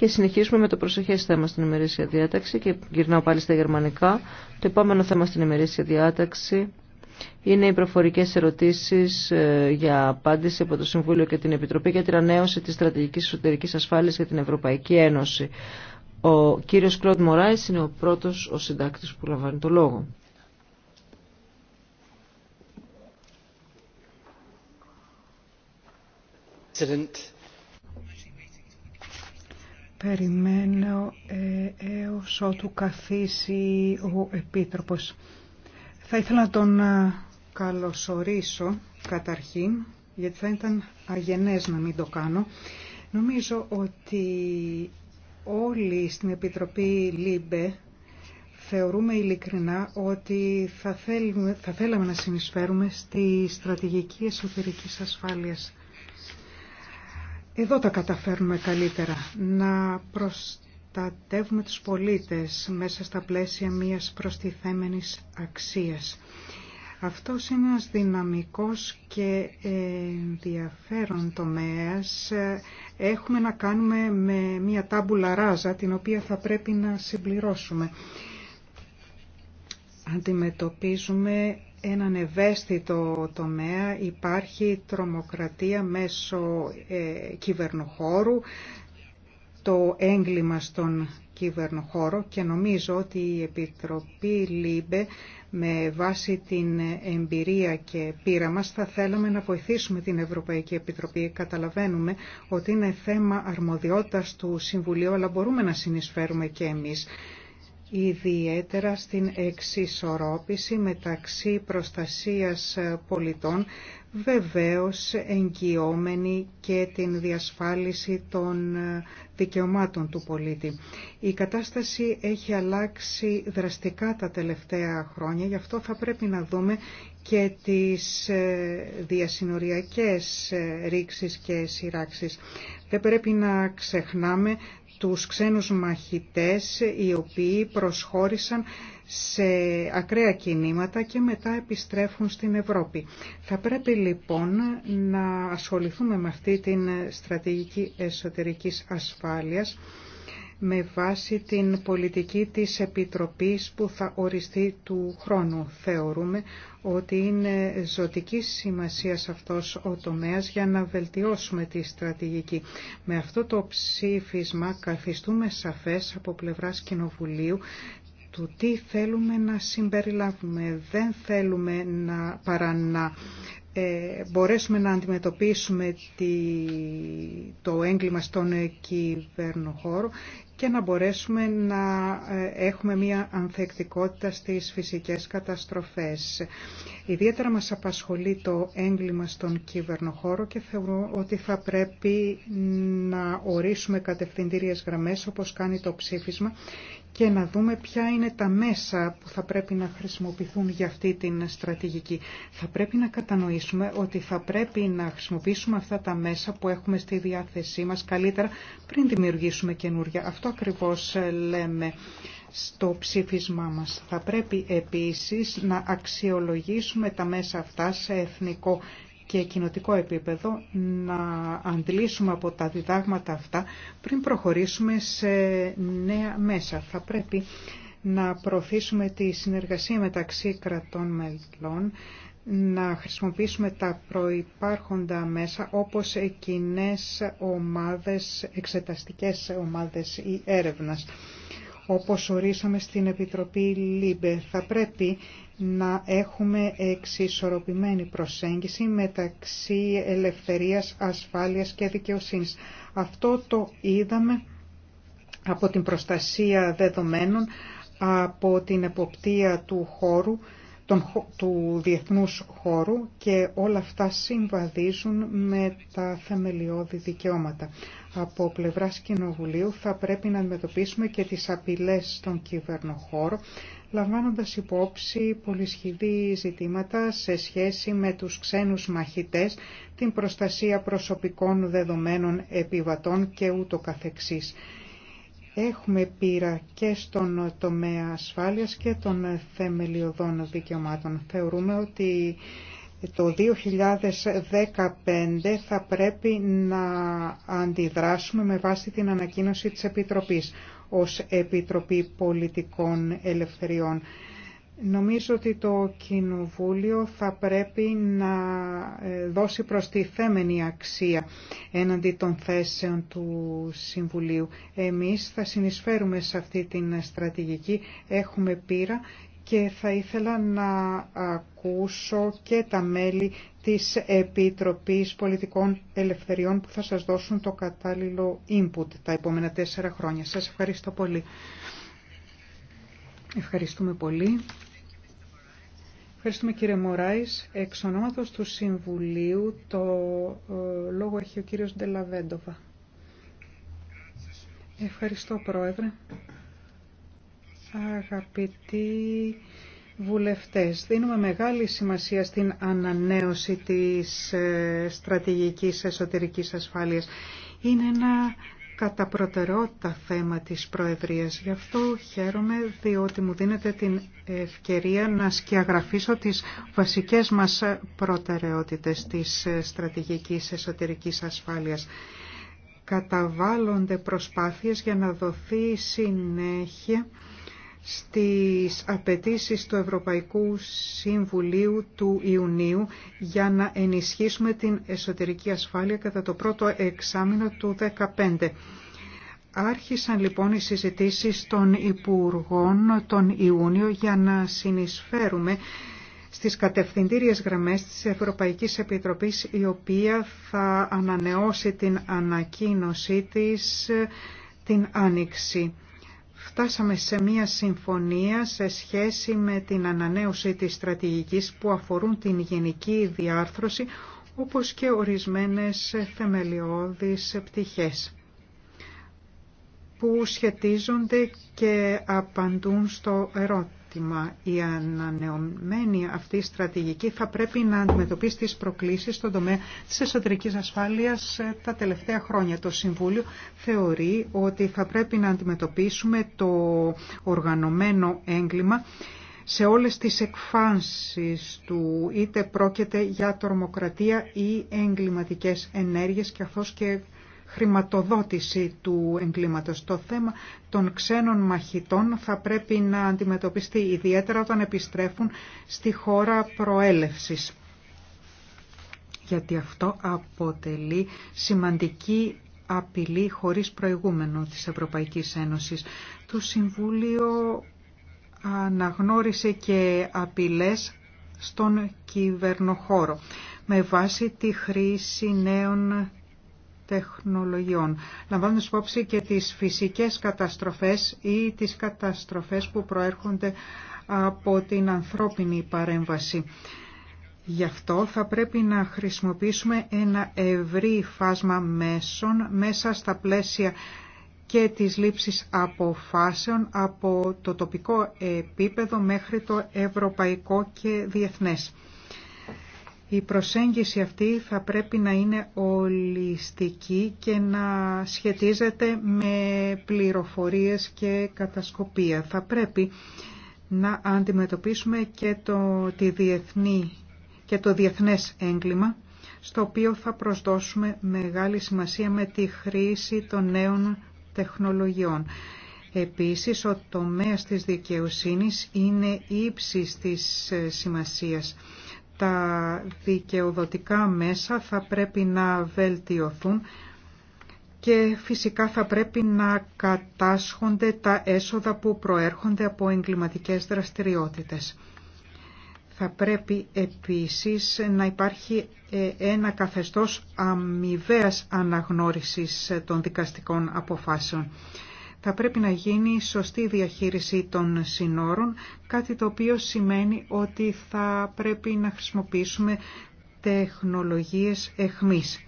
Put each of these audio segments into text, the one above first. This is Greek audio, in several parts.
και συνεχίζουμε με το προσεχές θέμα στην ημερήσια διάταξη και γυρνάω πάλι στα γερμανικά. Το επόμενο θέμα στην ημερήσια διάταξη είναι οι προφορικές ερωτήσεις ε, για απάντηση από το Συμβούλιο και την Επιτροπή για την ανέωση της στρατηγικής εσωτερικής ασφάλειας για την Ευρωπαϊκή Ένωση. Ο κύριος Κλοντ Μωράης είναι ο πρώτος ο συντάκτης που λαμβάνει το λόγο. Περιμένω ε, έως ότου καθίσει ο Επίτροπος. Θα ήθελα να τον ε, καλωσορίσω καταρχήν, γιατί θα ήταν αγενές να μην το κάνω. Νομίζω ότι όλοι στην Επιτροπή ΛΥΜΠΕ θεωρούμε ειλικρινά ότι θα, θέλουμε, θα θέλαμε να συνεισφέρουμε στη στρατηγική εσωτερικής ασφάλειας εδώ τα καταφέρνουμε καλύτερα. Να προστατεύουμε τους πολίτες μέσα στα πλαίσια μιας προστιθέμενης αξίας. Αυτό είναι ένας δυναμικός και ενδιαφέρον τομέας. Έχουμε να κάνουμε με μια τάμπουλα ράζα την οποία θα πρέπει να συμπληρώσουμε αντιμετωπίζουμε έναν ευαίσθητο τομέα. Υπάρχει τρομοκρατία μέσω ε, κυβερνοχώρου, το έγκλημα στον κυβερνοχώρο και νομίζω ότι η Επιτροπή ΛΥΜΠΕ με βάση την εμπειρία και πείρα μας θα θέλαμε να βοηθήσουμε την Ευρωπαϊκή Επιτροπή. Καταλαβαίνουμε ότι είναι θέμα αρμοδιότητας του Συμβουλίου αλλά μπορούμε να συνεισφέρουμε και εμείς ιδιαίτερα στην εξισορρόπηση μεταξύ προστασίας πολιτών, βεβαίως εγκυόμενη και την διασφάλιση των δικαιωμάτων του πολίτη. Η κατάσταση έχει αλλάξει δραστικά τα τελευταία χρόνια, γι' αυτό θα πρέπει να δούμε και τις ε, διασυνοριακές ε, ρήξεις και σειράξεις. Δεν πρέπει να ξεχνάμε τους ξένους μαχητές οι οποίοι προσχώρησαν σε ακραία κινήματα και μετά επιστρέφουν στην Ευρώπη. Θα πρέπει λοιπόν να ασχοληθούμε με αυτή την στρατηγική εσωτερικής ασφάλειας με βάση την πολιτική της Επιτροπής που θα οριστεί του χρόνου. Θεωρούμε ότι είναι ζωτική σημασία αυτός ο τομέας για να βελτιώσουμε τη στρατηγική. Με αυτό το ψήφισμα καθιστούμε σαφές από πλευράς Κοινοβουλίου του τι θέλουμε να συμπεριλάβουμε. Δεν θέλουμε να, παρά να ε, μπορέσουμε να αντιμετωπίσουμε το έγκλημα στον κυβερνοχώρο και να μπορέσουμε να ε, έχουμε μία ανθεκτικότητα στις φυσικές καταστροφές. Ιδιαίτερα μας απασχολεί το έγκλημα στον κυβερνοχώρο και θεωρώ ότι θα πρέπει να ορίσουμε κατευθυντήριες γραμμές όπως κάνει το ψήφισμα και να δούμε ποια είναι τα μέσα που θα πρέπει να χρησιμοποιηθούν για αυτή την στρατηγική. Θα πρέπει να κατανοήσουμε ότι θα πρέπει να χρησιμοποιήσουμε αυτά τα μέσα που έχουμε στη διάθεσή μας καλύτερα πριν δημιουργήσουμε καινούρια. Αυτό ακριβώς ε, λέμε στο ψήφισμά μας. Θα πρέπει επίσης να αξιολογήσουμε τα μέσα αυτά σε εθνικό και κοινοτικό επίπεδο να αντλήσουμε από τα διδάγματα αυτά πριν προχωρήσουμε σε νέα μέσα. Θα πρέπει να προωθήσουμε τη συνεργασία μεταξύ κρατών μελών, να χρησιμοποιήσουμε τα προϋπάρχοντα μέσα όπως κοινέ ομάδες, εξεταστικές ομάδες ή έρευνας όπως ορίσαμε στην Επιτροπή ΛΥΜΠΕ. Θα πρέπει να έχουμε εξισορροπημένη προσέγγιση μεταξύ ελευθερίας, ασφάλειας και δικαιοσύνης. Αυτό το είδαμε από την προστασία δεδομένων, από την εποπτεία του χώρου, του διεθνούς χώρου και όλα αυτά συμβαδίζουν με τα θεμελιώδη δικαιώματα από πλευρά Κοινοβουλίου θα πρέπει να αντιμετωπίσουμε και τις απειλές στον κυβερνοχώρο, λαμβάνοντας υπόψη πολυσχηδή ζητήματα σε σχέση με τους ξένους μαχητές, την προστασία προσωπικών δεδομένων επιβατών και ούτω καθεξής. Έχουμε πείρα και στον τομέα ασφάλειας και των θεμελιωδών δικαιωμάτων. Θεωρούμε ότι το 2015 θα πρέπει να αντιδράσουμε με βάση την ανακοίνωση της Επιτροπής ως Επιτροπή Πολιτικών Ελευθεριών. Νομίζω ότι το Κοινοβούλιο θα πρέπει να ε, δώσει τη θέμενη αξία έναντι των θέσεων του Συμβουλίου. Εμείς θα συνεισφέρουμε σε αυτή την στρατηγική, έχουμε πείρα και θα ήθελα να ακούσω και τα μέλη της Επιτροπής Πολιτικών Ελευθεριών που θα σας δώσουν το κατάλληλο input τα επόμενα τέσσερα χρόνια. Σας ευχαριστώ πολύ. Ευχαριστούμε πολύ. Ευχαριστούμε κύριε Μωράης. Εξ του Συμβουλίου το ε, λόγο έχει ο κύριος Ντελαβέντοβα. Ευχαριστώ πρόεδρε. Αγαπητοί βουλευτές, δίνουμε μεγάλη σημασία στην ανανέωση της ε, στρατηγικής εσωτερικής ασφάλειας. Είναι ένα κατά προτεραιότητα θέμα της Προεδρίας. Γι' αυτό χαίρομαι διότι μου δίνετε την ευκαιρία να σκιαγραφίσω τις βασικές μας προτεραιότητες της ε, στρατηγικής εσωτερικής ασφάλειας. Καταβάλλονται προσπάθειες για να δοθεί συνέχεια στις απαιτήσεις του Ευρωπαϊκού Συμβουλίου του Ιουνίου για να ενισχύσουμε την εσωτερική ασφάλεια κατά το πρώτο εξάμεινο του 2015. Άρχισαν λοιπόν οι συζητήσεις των Υπουργών τον Ιούνιο για να συνεισφέρουμε στις κατευθυντήριες γραμμές της Ευρωπαϊκής Επιτροπής η οποία θα ανανεώσει την ανακοίνωσή της την Άνοιξη φτάσαμε σε μία συμφωνία σε σχέση με την ανανέωση της στρατηγικής που αφορούν την γενική διάρθρωση όπως και ορισμένες θεμελιώδεις πτυχές που σχετίζονται και απαντούν στο ερώτημα η ανανεωμένη αυτή στρατηγική θα πρέπει να αντιμετωπίσει τις προκλήσεις στον τομέα της εσωτερικής ασφάλειας ε, τα τελευταία χρόνια. Το Συμβούλιο θεωρεί ότι θα πρέπει να αντιμετωπίσουμε το οργανωμένο έγκλημα σε όλες τις εκφάνσεις του, είτε πρόκειται για τορμοκρατία ή εγκληματικές ενέργειες και χρηματοδότηση του εγκλήματο. Το θέμα των ξένων μαχητών θα πρέπει να αντιμετωπιστεί ιδιαίτερα όταν επιστρέφουν στη χώρα προέλευσης γιατί αυτό αποτελεί σημαντική απειλή χωρίς προηγούμενο της Ευρωπαϊκής Ένωσης. Το Συμβούλιο αναγνώρισε και απειλές στον κυβερνοχώρο με βάση τη χρήση νέων τεχνολογιών, λαμβάνοντας υπόψη και τις φυσικές καταστροφές ή τις καταστροφές που προέρχονται από την ανθρώπινη παρέμβαση. Γι' αυτό θα πρέπει να χρησιμοποιήσουμε ένα ευρύ φάσμα μέσων μέσα στα πλαίσια και της λήψης αποφάσεων από το τοπικό επίπεδο μέχρι το ευρωπαϊκό και διεθνές. Η προσέγγιση αυτή θα πρέπει να είναι ολιστική και να σχετίζεται με πληροφορίες και κατασκοπία. Θα πρέπει να αντιμετωπίσουμε και το, τη διεθνή, και το διεθνές έγκλημα, στο οποίο θα προσδώσουμε μεγάλη σημασία με τη χρήση των νέων τεχνολογιών. Επίσης, ο τομέας της δικαιοσύνης είναι ύψης της ε, σημασίας τα δικαιοδοτικά μέσα θα πρέπει να βελτιωθούν και φυσικά θα πρέπει να κατάσχονται τα έσοδα που προέρχονται από εγκληματικές δραστηριότητες. Θα πρέπει επίσης να υπάρχει ε, ένα καθεστώς αμοιβαίας αναγνώρισης ε, των δικαστικών αποφάσεων. Θα πρέπει να γίνει σωστή διαχείριση των συνόρων, κάτι το οποίο σημαίνει ότι θα πρέπει να χρησιμοποιήσουμε τεχνολογίες εχμής.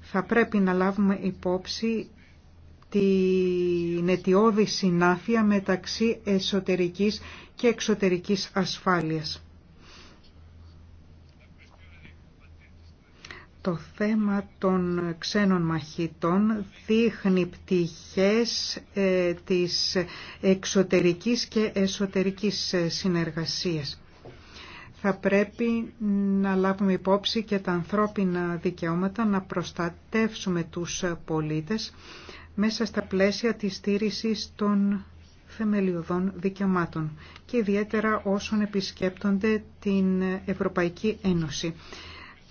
Θα πρέπει να λάβουμε υπόψη την αιτιώδη συνάφεια μεταξύ εσωτερικής και εξωτερικής ασφάλειας. το θέμα των ξένων μαχητών δείχνει πτυχές ε, της εξωτερικής και εσωτερικής συνεργασίας. Θα πρέπει να λάβουμε υπόψη και τα ανθρώπινα δικαιώματα, να προστατεύσουμε τους πολίτες μέσα στα πλαίσια της στήρησης των θεμελιωδών δικαιωμάτων και ιδιαίτερα όσων επισκέπτονται την Ευρωπαϊκή Ένωση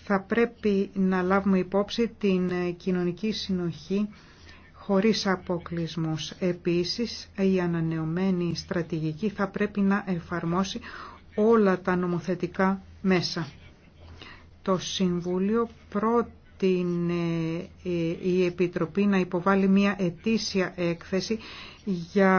θα πρέπει να λάβουμε υπόψη την κοινωνική συνοχή χωρίς αποκλεισμούς. Επίσης, η ανανεωμένη στρατηγική θα πρέπει να εφαρμόσει όλα τα νομοθετικά μέσα. Το Συμβούλιο πρώτα την, ε, ε, η Επιτροπή να υποβάλει μια ετήσια έκθεση για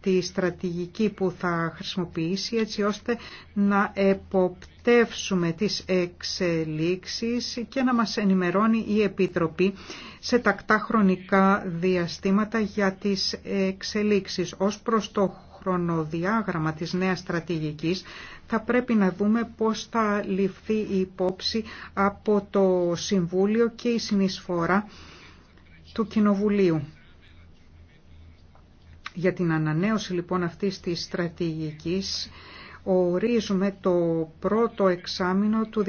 τη στρατηγική που θα χρησιμοποιήσει έτσι ώστε να εποπτεύσουμε τις εξελίξεις και να μας ενημερώνει η Επιτροπή σε τακτά χρονικά διαστήματα για τις εξελίξεις ως προς το χρονοδιάγραμμα της νέας στρατηγικής θα πρέπει να δούμε πώς θα ληφθεί η υπόψη από το Συμβούλιο και η συνεισφορά του Κοινοβουλίου. Για την ανανέωση λοιπόν αυτής της στρατηγικής ορίζουμε το πρώτο εξάμεινο του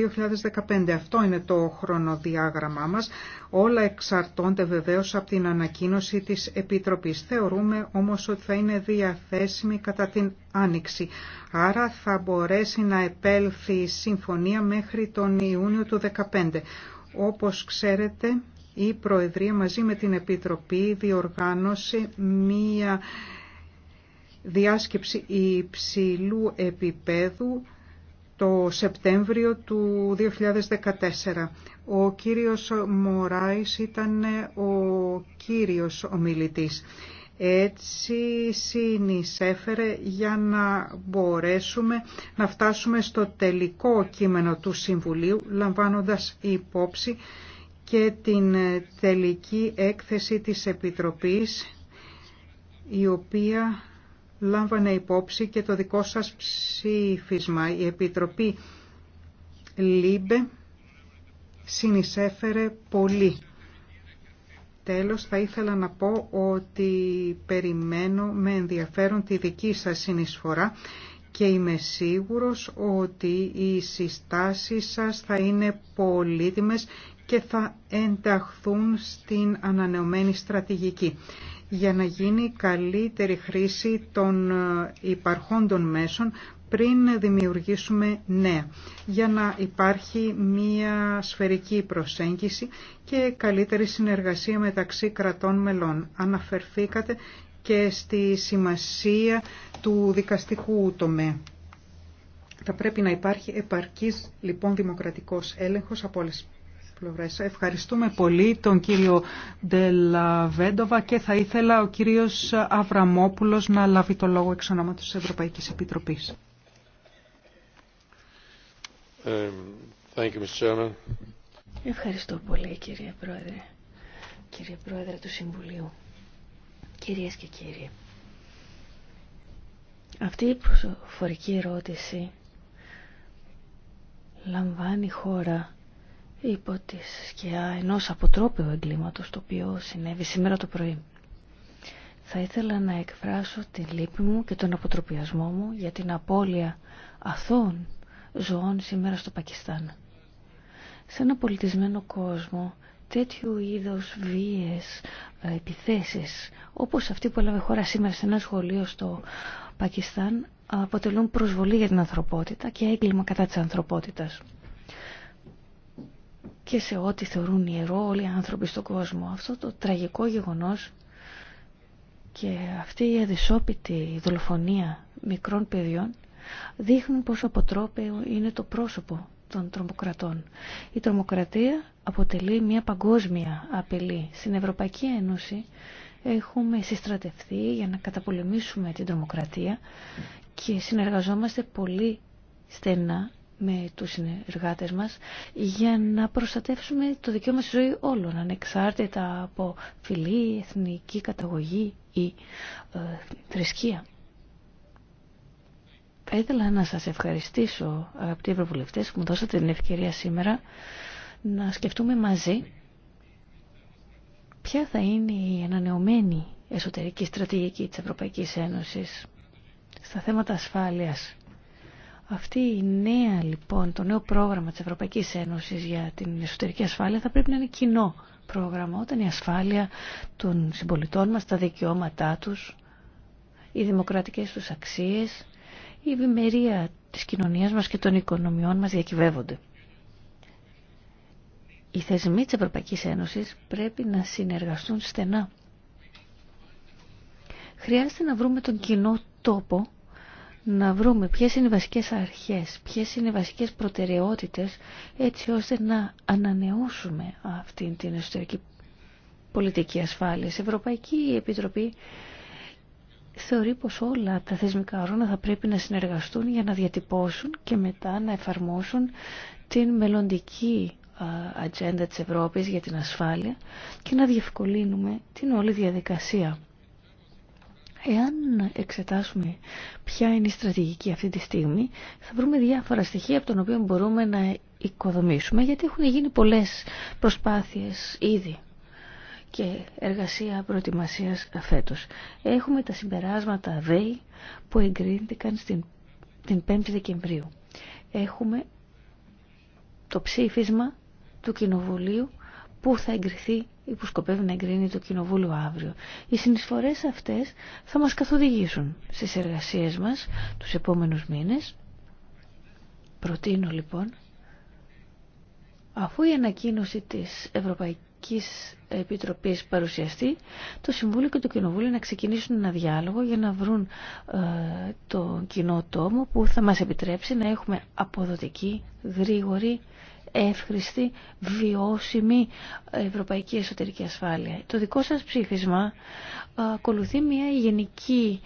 2015. Αυτό είναι το χρονοδιάγραμμά μας. Όλα εξαρτώνται βεβαίως από την ανακοίνωση της Επιτροπής. Θεωρούμε όμως ότι θα είναι διαθέσιμη κατά την Άνοιξη. Άρα θα μπορέσει να επέλθει συμφωνία μέχρι τον Ιούνιο του 2015. Όπως ξέρετε, η Προεδρία μαζί με την Επιτροπή διοργάνωσε μία διάσκεψη υψηλού επίπεδου το Σεπτέμβριο του 2014. Ο κύριος Μωράης ήταν ο κύριος ομιλητής. Έτσι συνεισέφερε για να μπορέσουμε να φτάσουμε στο τελικό κείμενο του Συμβουλίου, λαμβάνοντας υπόψη και την τελική έκθεση της Επιτροπής, η οποία λάμβανε υπόψη και το δικό σας ψήφισμα. Η Επιτροπή ΛΥΜΠΕ συνεισέφερε πολύ. Τέλος, θα ήθελα να πω ότι περιμένω με ενδιαφέρον τη δική σας συνεισφορά και είμαι σίγουρος ότι οι συστάσεις σας θα είναι πολύτιμες και θα ενταχθούν στην ανανεωμένη στρατηγική για να γίνει καλύτερη χρήση των ε, υπαρχόντων μέσων πριν δημιουργήσουμε νέα, για να υπάρχει μία σφαιρική προσέγγιση και καλύτερη συνεργασία μεταξύ κρατών μελών. Αναφερθήκατε και στη σημασία του δικαστικού τομέα. Θα πρέπει να υπάρχει επαρκής λοιπόν δημοκρατικός έλεγχος από όλες Ευχαριστούμε πολύ τον κύριο Ντελαβέντοβα και θα ήθελα ο κύριος Αβραμόπουλος να λάβει το λόγο εξ ονόματος της Ευρωπαϊκής Επιτροπής. Um, Ευχαριστώ πολύ κύριε Πρόεδρε, κύριε Πρόεδρε του Συμβουλίου, κυρίες και κύριοι. Αυτή η προφορική ερώτηση λαμβάνει χώρα υπό τη σκιά ενός αποτρόπαιου εγκλήματος το οποίο συνέβη σήμερα το πρωί. Θα ήθελα να εκφράσω τη λύπη μου και τον αποτροπιασμό μου για την απώλεια αθών ζωών σήμερα στο Πακιστάν. Σε ένα πολιτισμένο κόσμο τέτοιου είδους βίες ε, επιθέσεις όπως αυτή που έλαβε χώρα σήμερα σε ένα σχολείο στο Πακιστάν αποτελούν προσβολή για την ανθρωπότητα και έγκλημα κατά της ανθρωπότητας και σε ό,τι θεωρούν ιερό όλοι οι άνθρωποι στον κόσμο. Αυτό το τραγικό γεγονός και αυτή η αδυσόπιτη δολοφονία μικρών παιδιών δείχνουν πόσο αποτρόπαιο είναι το πρόσωπο των τρομοκρατών. Η τρομοκρατία αποτελεί μια παγκόσμια απειλή. Στην Ευρωπαϊκή Ένωση έχουμε συστρατευτεί για να καταπολεμήσουμε την τρομοκρατία και συνεργαζόμαστε πολύ στενά με τους συνεργάτες μας για να προστατεύσουμε το δικαίωμα στη ζωή όλων ανεξάρτητα από φιλή, εθνική καταγωγή ή ε, θρησκεία. Θα ήθελα να σας ευχαριστήσω αγαπητοί ευρωβουλευτές που μου δώσατε την ευκαιρία σήμερα να σκεφτούμε μαζί ποια θα είναι η ανανεωμένη εσωτερική στρατηγική της Ευρωπαϊκής Ένωσης στα θέματα ασφάλειας αυτή η νέα λοιπόν, το νέο πρόγραμμα της Ευρωπαϊκής Ένωσης για την εσωτερική ασφάλεια θα πρέπει να είναι κοινό πρόγραμμα όταν η ασφάλεια των συμπολιτών μας, τα δικαιώματά τους, οι δημοκρατικές τους αξίες, η ευημερία της κοινωνίας μας και των οικονομιών μας διακυβεύονται. Οι θεσμοί της Ευρωπαϊκής Ένωσης πρέπει να συνεργαστούν στενά. Χρειάζεται να βρούμε τον κοινό τόπο να βρούμε ποιες είναι οι βασικές αρχές, ποιες είναι οι βασικές προτεραιότητες έτσι ώστε να ανανεώσουμε αυτή την εσωτερική πολιτική ασφάλεια. Η Ευρωπαϊκή Επιτροπή θεωρεί πως όλα τα θεσμικά όρονα θα πρέπει να συνεργαστούν για να διατυπώσουν και μετά να εφαρμόσουν την μελλοντική ατζέντα της Ευρώπης για την ασφάλεια και να διευκολύνουμε την όλη διαδικασία. Εάν εξετάσουμε ποια είναι η στρατηγική αυτή τη στιγμή, θα βρούμε διάφορα στοιχεία από τον οποίο μπορούμε να οικοδομήσουμε, γιατί έχουν γίνει πολλές προσπάθειες ήδη και εργασία προετοιμασίας φέτος. Έχουμε τα συμπεράσματα ΔΕΗ που εγκρίνθηκαν στην, την 5η Δεκεμβρίου. Έχουμε το ψήφισμα του Κοινοβουλίου που θα εγκριθεί που σκοπεύει να εγκρίνει το Κοινοβούλιο αύριο. Οι συνεισφορές αυτές θα μας καθοδηγήσουν στις εργασίες μας τους επόμενους μήνες. Προτείνω λοιπόν, αφού η ανακοίνωση της Ευρωπαϊκής Επιτροπής παρουσιαστεί, το Συμβούλιο και το Κοινοβούλιο να ξεκινήσουν ένα διάλογο για να βρουν ε, το κοινό τόμο που θα μας επιτρέψει να έχουμε αποδοτική, γρήγορη εύχρηστη, βιώσιμη ευρωπαϊκή εσωτερική ασφάλεια. Το δικό σας ψήφισμα ακολουθεί μια γενική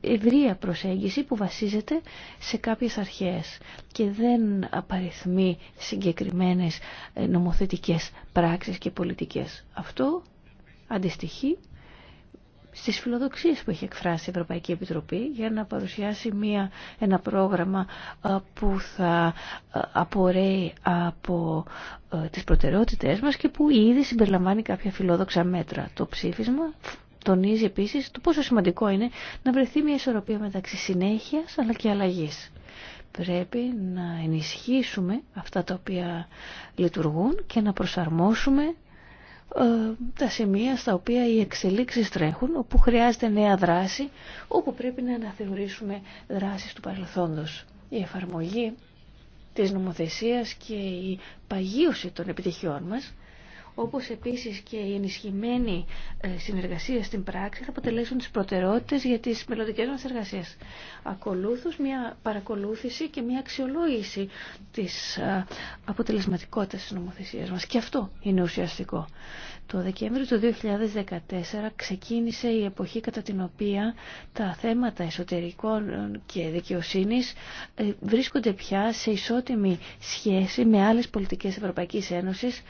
ευρεία προσέγγιση που βασίζεται σε κάποιες αρχές και δεν απαριθμεί συγκεκριμένες νομοθετικές πράξεις και πολιτικές. Αυτό αντιστοιχεί στις φιλοδοξίες που έχει εκφράσει η Ευρωπαϊκή Επιτροπή για να παρουσιάσει μια, ένα πρόγραμμα ε, που θα ε, απορρέει από ε, τις προτεραιότητές μας και που ήδη συμπεριλαμβάνει κάποια φιλόδοξα μέτρα. Το ψήφισμα τονίζει επίσης το πόσο σημαντικό είναι να βρεθεί μια ισορροπία μεταξύ συνέχειας αλλά και αλλαγής. Πρέπει να ενισχύσουμε αυτά τα οποία λειτουργούν και να προσαρμόσουμε ε, τα σημεία στα οποία οι εξελίξεις τρέχουν, όπου χρειάζεται νέα δράση, όπου πρέπει να αναθεωρήσουμε δράσεις του παρελθόντος. Η εφαρμογή της νομοθεσίας και η παγίωση των επιτυχιών μας όπως επίσης και η ενισχυμένη ε, συνεργασία στην πράξη θα αποτελέσουν τις προτεραιότητες για τις μελλοντικές μας εργασίες. Ακολούθως μια παρακολούθηση και μια αξιολόγηση της ε, αποτελεσματικότητας της νομοθεσίας μας. Και αυτό είναι ουσιαστικό. Το Δεκέμβριο του 2014 ξεκίνησε η εποχή κατά την οποία τα θέματα εσωτερικών και δικαιοσύνης ε, βρίσκονται πια σε ισότιμη σχέση με άλλες πολιτικές Ευρωπαϊκής Ένωσης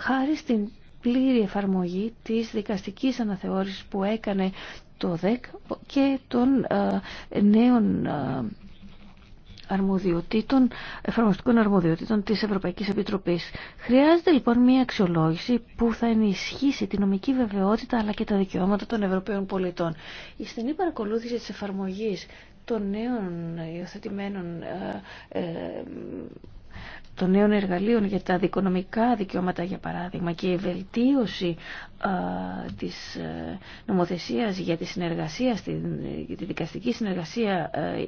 χάρη στην πλήρη εφαρμογή της δικαστικής αναθεώρησης που έκανε το ΔΕΚ και των ε, νέων ε, αρμοδιοτήτων, εφαρμοστικών αρμοδιοτήτων της Ευρωπαϊκής Επιτροπής. Χρειάζεται λοιπόν μια αξιολόγηση που θα ενισχύσει τη νομική βεβαιότητα αλλά και τα δικαιώματα των Ευρωπαίων πολιτών. Η στενή παρακολούθηση της εφαρμογής των νέων υιοθετημένων ε, των νέων εργαλείων για τα δικονομικά δικαιώματα για παράδειγμα και η βελτίωση της ε, νομοθεσίας για τη συνεργασία, για τη δικαστική συνεργασία ε,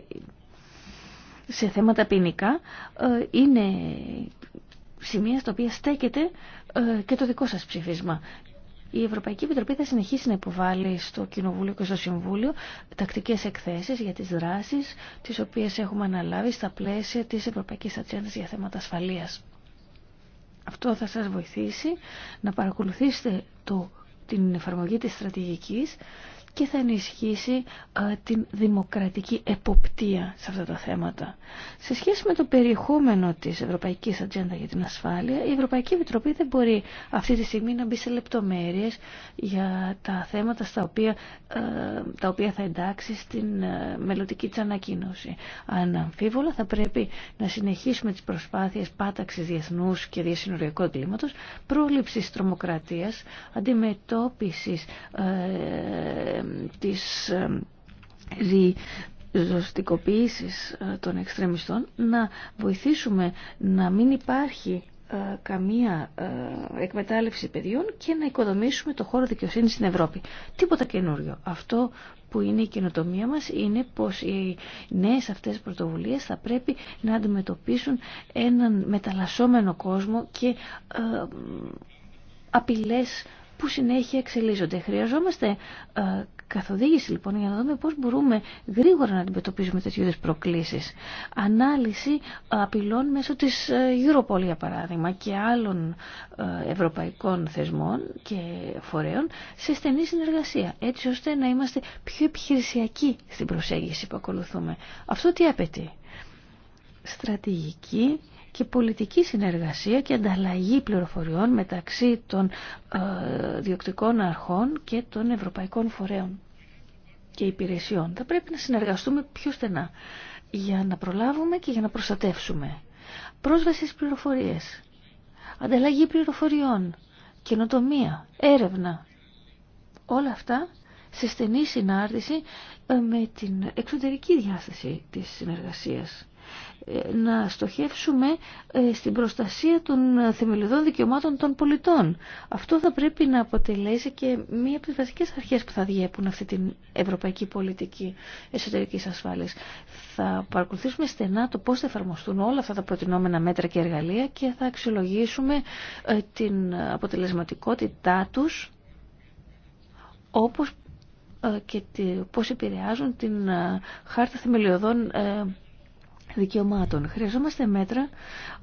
σε θέματα ποινικά ε, είναι σημεία στα οποία στέκεται και το δικό σας ψηφίσμα. Η Ευρωπαϊκή Επιτροπή θα συνεχίσει να υποβάλλει στο Κοινοβούλιο και στο Συμβούλιο τακτικές εκθέσεις για τις δράσεις τις οποίες έχουμε αναλάβει στα πλαίσια της Ευρωπαϊκής Ατζέντας για θέματα ασφαλείας. Αυτό θα σας βοηθήσει να παρακολουθήσετε το, την εφαρμογή της στρατηγικής και θα ενισχύσει ε, την δημοκρατική εποπτεία σε αυτά τα θέματα. Σε σχέση με το περιεχόμενο της Ευρωπαϊκής Ατζέντα για την Ασφάλεια, η Ευρωπαϊκή Επιτροπή δεν μπορεί αυτή τη στιγμή να μπει σε λεπτομέρειες για τα θέματα στα οποία, ε, τα οποία θα εντάξει στην ε, μελλοντική της ανακοίνωση. Αναμφίβολα θα πρέπει να συνεχίσουμε τις προσπάθειες πάταξης διεθνούς και διασυνοριακού εγκλήματος, πρόληψης τρομοκρατίας, αντιμετώπισης της ε, ζωστικοποίηση ε, των εξτρεμιστών να βοηθήσουμε να μην υπάρχει ε, καμία εκμετάλλευση παιδιών και να οικοδομήσουμε το χώρο δικαιοσύνης στην Ευρώπη. Τίποτα καινούριο. Αυτό που είναι η καινοτομία μας είναι πως οι νέες αυτές πρωτοβουλίες θα πρέπει να αντιμετωπίσουν έναν μεταλλασσόμενο κόσμο και απειλές που συνέχεια εξελίσσονται. Χρειαζόμαστε καθοδήγηση λοιπόν για να δούμε πώς μπορούμε γρήγορα να αντιμετωπίζουμε τέτοιου είδους προκλήσεις. Ανάλυση απειλών μέσω της ε, Europol για παράδειγμα και άλλων ε, ευρωπαϊκών θεσμών και φορέων σε στενή συνεργασία έτσι ώστε να είμαστε πιο επιχειρησιακοί στην προσέγγιση που ακολουθούμε. Αυτό τι απαιτεί. Στρατηγική και πολιτική συνεργασία και ανταλλαγή πληροφοριών μεταξύ των ε, διοκτικών αρχών και των ευρωπαϊκών φορέων και υπηρεσιών. Θα πρέπει να συνεργαστούμε πιο στενά για να προλάβουμε και για να προστατεύσουμε. Πρόσβαση στις πληροφορίες, ανταλλαγή πληροφοριών, καινοτομία, έρευνα. Όλα αυτά σε στενή συνάρτηση ε, με την εξωτερική διάσταση της συνεργασίας. Ε, να στοχεύσουμε ε, στην προστασία των θεμελιωδών δικαιωμάτων των πολιτών. Αυτό θα πρέπει να αποτελέσει και μία από τις βασικές αρχές που θα διέπουν αυτή την ευρωπαϊκή πολιτική εσωτερικής ασφάλειας. Θα παρακολουθήσουμε στενά το πώς θα εφαρμοστούν όλα αυτά τα προτινόμενα μέτρα και εργαλεία και θα αξιολογήσουμε ε, την αποτελεσματικότητά τους όπως και πώς επηρεάζουν την χάρτα θεμελιωδών δικαιωμάτων. Χρειαζόμαστε μέτρα,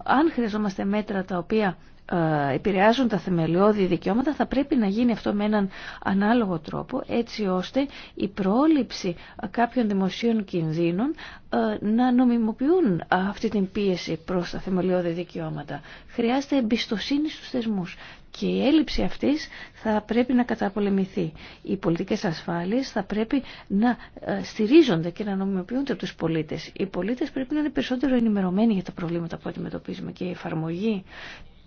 αν χρειαζόμαστε μέτρα τα οποία ε, επηρεάζουν τα θεμελιώδη δικαιώματα θα πρέπει να γίνει αυτό με έναν ανάλογο τρόπο έτσι ώστε η πρόληψη κάποιων δημοσίων κινδύνων ε, να νομιμοποιούν αυτή την πίεση προς τα θεμελιώδη δικαιώματα. Χρειάζεται εμπιστοσύνη στους θεσμούς και η έλλειψη αυτής θα πρέπει να καταπολεμηθεί. Οι πολιτικές ασφάλειες θα πρέπει να ε, στηρίζονται και να νομιμοποιούνται από τους πολίτες. Οι πολίτες πρέπει να είναι περισσότερο ενημερωμένοι για τα προβλήματα που αντιμετωπίζουμε και η εφαρμογή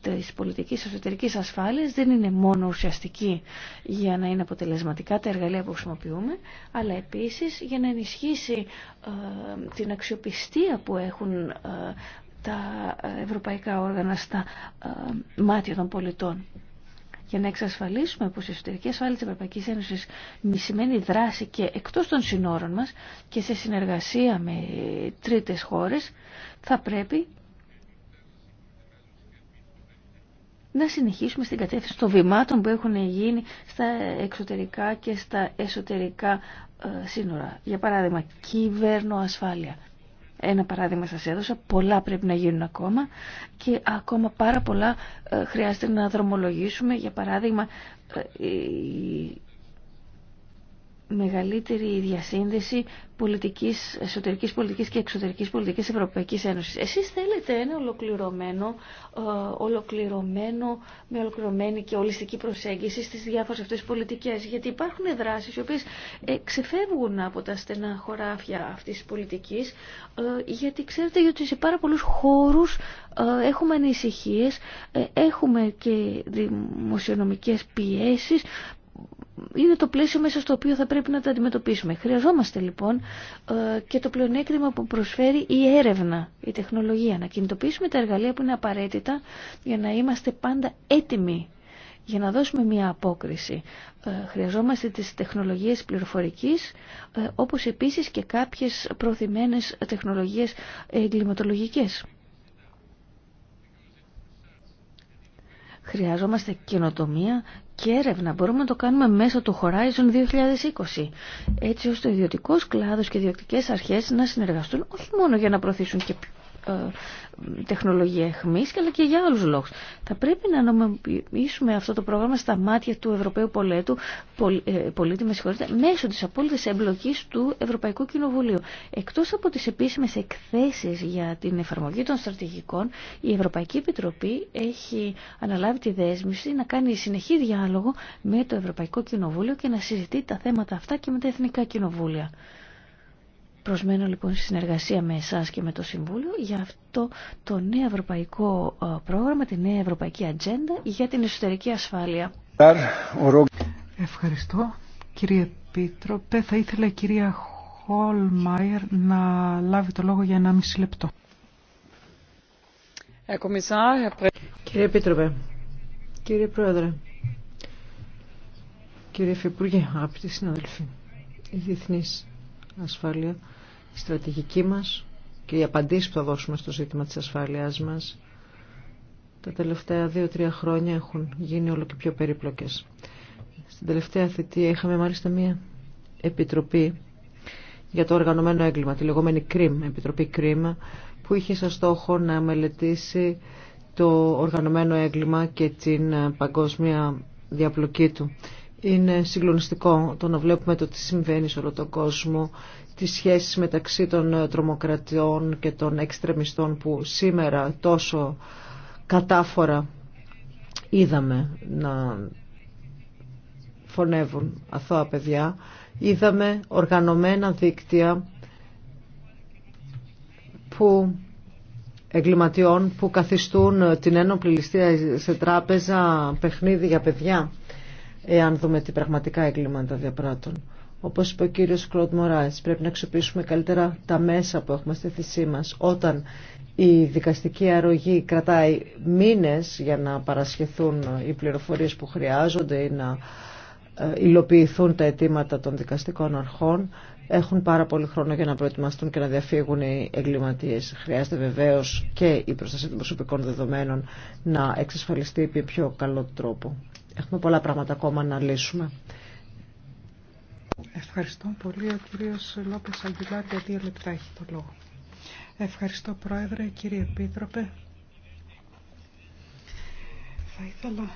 της πολιτικής εσωτερικής ασφάλειας δεν είναι μόνο ουσιαστική για να είναι αποτελεσματικά τα εργαλεία που χρησιμοποιούμε, αλλά επίσης για να ενισχύσει ε, την αξιοπιστία που έχουν ε, τα ε, ευρωπαϊκά όργανα στα ε, μάτια των πολιτών. Για να εξασφαλίσουμε πως η εσωτερική ασφάλεια της Ευρωπαϊκής Ένωσης σημαίνει δράση και εκτός των συνόρων μας και σε συνεργασία με τρίτες χώρες θα πρέπει να συνεχίσουμε στην κατεύθυνση των βημάτων που έχουν γίνει στα εξωτερικά και στα εσωτερικά ε, σύνορα. Για παράδειγμα, κυβέρνο ασφάλεια. Ένα παράδειγμα σας έδωσα, πολλά πρέπει να γίνουν ακόμα και ακόμα πάρα πολλά ε, χρειάζεται να δρομολογήσουμε. Για παράδειγμα, ε, μεγαλύτερη διασύνδεση πολιτικής, εσωτερικής πολιτικής και εξωτερικής πολιτικής Ευρωπαϊκής Ένωσης. Εσείς θέλετε ένα ολοκληρωμένο, ε, ολοκληρωμένο με ολοκληρωμένη και ολιστική προσέγγιση στις διάφορες αυτές πολιτικές, γιατί υπάρχουν δράσεις οι οποίες ε, ξεφεύγουν από τα στενά χωράφια αυτής της πολιτικής, ε, γιατί ξέρετε ότι σε πάρα πολλούς χώρους έχουμε ανησυχίες, έχουμε και δημοσιονομικές πιέσεις είναι το πλαίσιο μέσα στο οποίο θα πρέπει να τα αντιμετωπίσουμε. Χρειαζόμαστε λοιπόν ε, και το πλεονέκτημα που προσφέρει η έρευνα, η τεχνολογία. Να κινητοποιήσουμε τα εργαλεία που είναι απαραίτητα για να είμαστε πάντα έτοιμοι για να δώσουμε μια απόκριση. Ε, χρειαζόμαστε τις τεχνολογίες πληροφορικής, ε, όπως επίσης και κάποιες προθυμένες τεχνολογίες εγκληματολογικές. Χρειάζομαστε καινοτομία και έρευνα. Μπορούμε να το κάνουμε μέσω του Horizon 2020. Έτσι ώστε ο ιδιωτικό κλάδος και οι ιδιωτικέ αρχέ να συνεργαστούν όχι μόνο για να προωθήσουν και ε, τεχνολογία εχμής αλλά και για άλλους λόγους. Θα πρέπει να νομιμοποιήσουμε αυτό το πρόγραμμα στα μάτια του Ευρωπαίου πολέτου, ε, πολίτη με μέσω της απόλυτης εμπλοκής του Ευρωπαϊκού Κοινοβουλίου. Εκτός από τις επίσημες εκθέσεις για την εφαρμογή των στρατηγικών, η Ευρωπαϊκή Επιτροπή έχει αναλάβει τη δέσμηση να κάνει συνεχή διάλογο με το Ευρωπαϊκό Κοινοβούλιο και να συζητεί τα θέματα αυτά και με τα Εθνικά Κοινοβούλια. Προσμένω λοιπόν στη συνεργασία με εσά και με το Συμβούλιο για αυτό το νέο ευρωπαϊκό ε, πρόγραμμα, τη νέα ευρωπαϊκή ατζέντα για την εσωτερική ασφάλεια. Ευχαριστώ. Κύριε Πίτροπε, θα ήθελα η κυρία Χολμάιερ να λάβει το λόγο για ένα μισή λεπτό. Ε, ε, κύριε Πίτροπε, κύριε Πρόεδρε, κύριε Φυπουργέ, αγαπητοί συναδελφοί, οι διεθνείς ασφάλεια, η στρατηγική μας και οι απαντήσεις που θα δώσουμε στο ζήτημα της ασφάλειάς μας τα τελευταία δύο-τρία χρόνια έχουν γίνει όλο και πιο περίπλοκες. Στην τελευταία θητεία είχαμε μάλιστα μία επιτροπή για το οργανωμένο έγκλημα, τη λεγόμενη ΚΡΙΜ, επιτροπή Κρίμα, που είχε σαν στόχο να μελετήσει το οργανωμένο έγκλημα και την παγκόσμια διαπλοκή του. Είναι συγκλονιστικό το να βλέπουμε το τι συμβαίνει σε όλο τον κόσμο, τις σχέσεις μεταξύ των ε, τρομοκρατιών και των εξτρεμιστών που σήμερα τόσο κατάφορα είδαμε να φωνεύουν αθώα παιδιά. Είδαμε οργανωμένα δίκτυα που εγκληματιών που καθιστούν ε, την ένοπλη ληστεία σε τράπεζα παιχνίδι για παιδιά εάν δούμε τι πραγματικά εγκλήματα διαπράττουν. Όπω είπε ο κύριο Κλοντ Μωράη, πρέπει να αξιοποιήσουμε καλύτερα τα μέσα που έχουμε στη θυσή μα. Όταν η δικαστική αρρωγή κρατάει μήνε για να παρασχεθούν οι πληροφορίε που χρειάζονται ή να ε, υλοποιηθούν τα αιτήματα των δικαστικών αρχών, έχουν πάρα πολύ χρόνο για να προετοιμαστούν και να διαφύγουν οι εγκληματίε. Χρειάζεται βεβαίω και η προστασία των προσωπικών δεδομένων να εξασφαλιστεί επί πιο καλό τρόπο. Έχουμε πολλά πράγματα ακόμα να λύσουμε. Ευχαριστώ πολύ. Ο κύριος Λόπες Αγγιλάτη, για δύο λεπτά έχει το λόγο. Ευχαριστώ Πρόεδρε, κύριε Επίτροπε. Θα ήθελα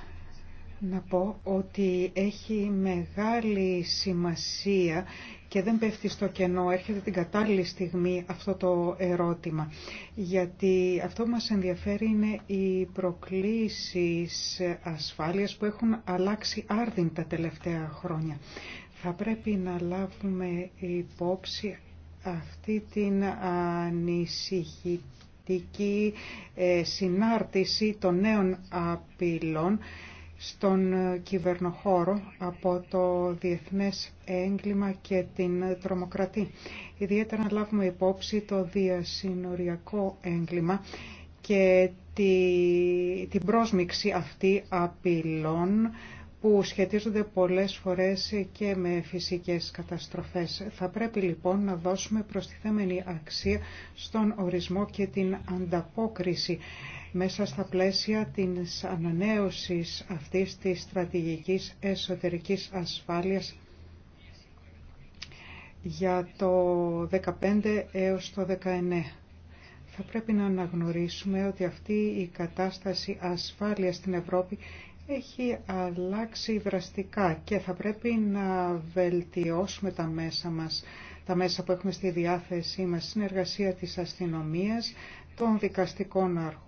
να πω ότι έχει μεγάλη σημασία και δεν πέφτει στο κενό, έρχεται την κατάλληλη στιγμή αυτό το ερώτημα. Γιατί αυτό που μας ενδιαφέρει είναι οι προκλήσεις ασφάλειας που έχουν αλλάξει άρδιν τα τελευταία χρόνια. Θα πρέπει να λάβουμε υπόψη αυτή την ανησυχητική ε, συνάρτηση των νέων απειλών στον ε, κυβερνοχώρο από το διεθνές έγκλημα και την ε, τρομοκρατία. Ιδιαίτερα να λάβουμε υπόψη το διασυνοριακό έγκλημα και τη, την πρόσμιξη αυτή απειλών που σχετίζονται πολλές φορές και με φυσικές καταστροφές. Θα πρέπει λοιπόν να δώσουμε προστιθέμενη αξία στον ορισμό και την ανταπόκριση μέσα στα πλαίσια της ανανέωσης αυτής της στρατηγικής εσωτερικής ασφάλειας για το 15 έως το 19. Θα πρέπει να αναγνωρίσουμε ότι αυτή η κατάσταση ασφάλειας στην Ευρώπη έχει αλλάξει δραστικά και θα πρέπει να βελτιώσουμε τα μέσα μας, τα μέσα που έχουμε στη διάθεσή μας, συνεργασία της αστυνομίας, των δικαστικών αρχών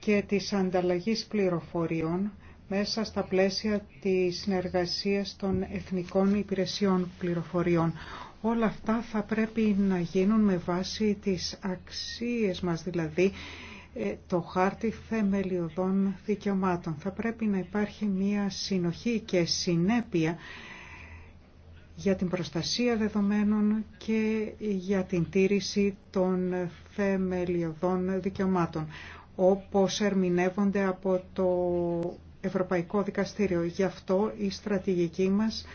και της ανταλλαγής πληροφοριών μέσα στα πλαίσια της συνεργασίας των Εθνικών Υπηρεσιών Πληροφοριών. Όλα αυτά θα πρέπει να γίνουν με βάση τις αξίες μας, δηλαδή ε, το χάρτη θεμελιωδών δικαιωμάτων. Θα πρέπει να υπάρχει μία συνοχή και συνέπεια για την προστασία δεδομένων και για την τήρηση των θεμελιωδών δικαιωμάτων, όπως ερμηνεύονται από το Ευρωπαϊκό Δικαστήριο. Γι' αυτό η στρατηγική μας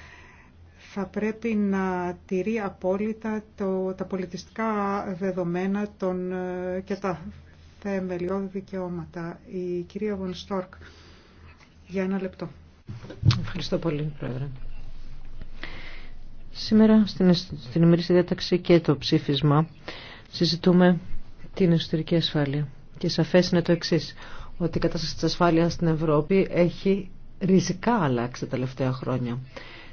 θα πρέπει να τηρεί απόλυτα το, τα πολιτιστικά δεδομένα των, και τα θεμελιώδη δικαιώματα. Η κυρία Βονστόρκ, για ένα λεπτό. Ευχαριστώ πολύ, Πρόεδρε. Σήμερα στην, στην ημερήσια διάταξη και το ψήφισμα συζητούμε την εσωτερική ασφάλεια. Και σαφές είναι το εξής, ότι η κατάσταση της ασφάλειας στην Ευρώπη έχει ριζικά αλλάξει τα τελευταία χρόνια.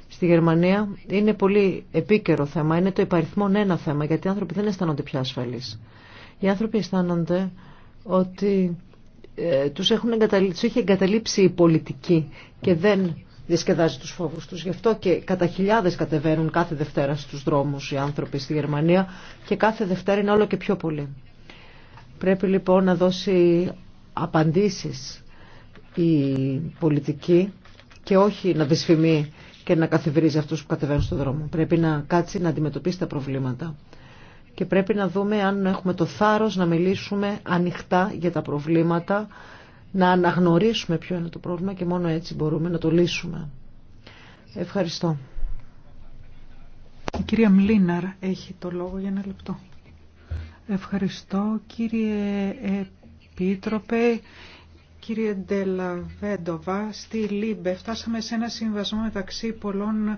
Στη Γερμανία είναι πολύ επίκαιρο θέμα, είναι το υπαριθμόν ένα θέμα, γιατί οι άνθρωποι δεν αισθάνονται πια ασφαλείς. Οι άνθρωποι αισθάνονται ότι ε, τους, έχει εγκαταλείψει η πολιτική και δεν διασκεδάζει τους φόβους τους. Γι' αυτό και κατά χιλιάδες κατεβαίνουν κάθε Δευτέρα στους δρόμους οι άνθρωποι στη Γερμανία και κάθε Δευτέρα είναι όλο και πιο πολύ. Πρέπει λοιπόν να δώσει απαντήσεις η πολιτική και όχι να δυσφημεί και να καθυβρίζει αυτούς που κατεβαίνουν στον δρόμο. Πρέπει να κάτσει να αντιμετωπίσει τα προβλήματα. Και πρέπει να δούμε αν έχουμε το θάρρος να μιλήσουμε ανοιχτά για τα προβλήματα να αναγνωρίσουμε ποιο είναι το πρόβλημα και μόνο έτσι μπορούμε να το λύσουμε. Ευχαριστώ. Η κυρία Μλίναρ έχει το λόγο για ένα λεπτό. Ευχαριστώ κύριε Επίτροπε. Κύριε Ντελαβέντοβα, στη Λίμπε φτάσαμε σε ένα συμβασμό μεταξύ πολλών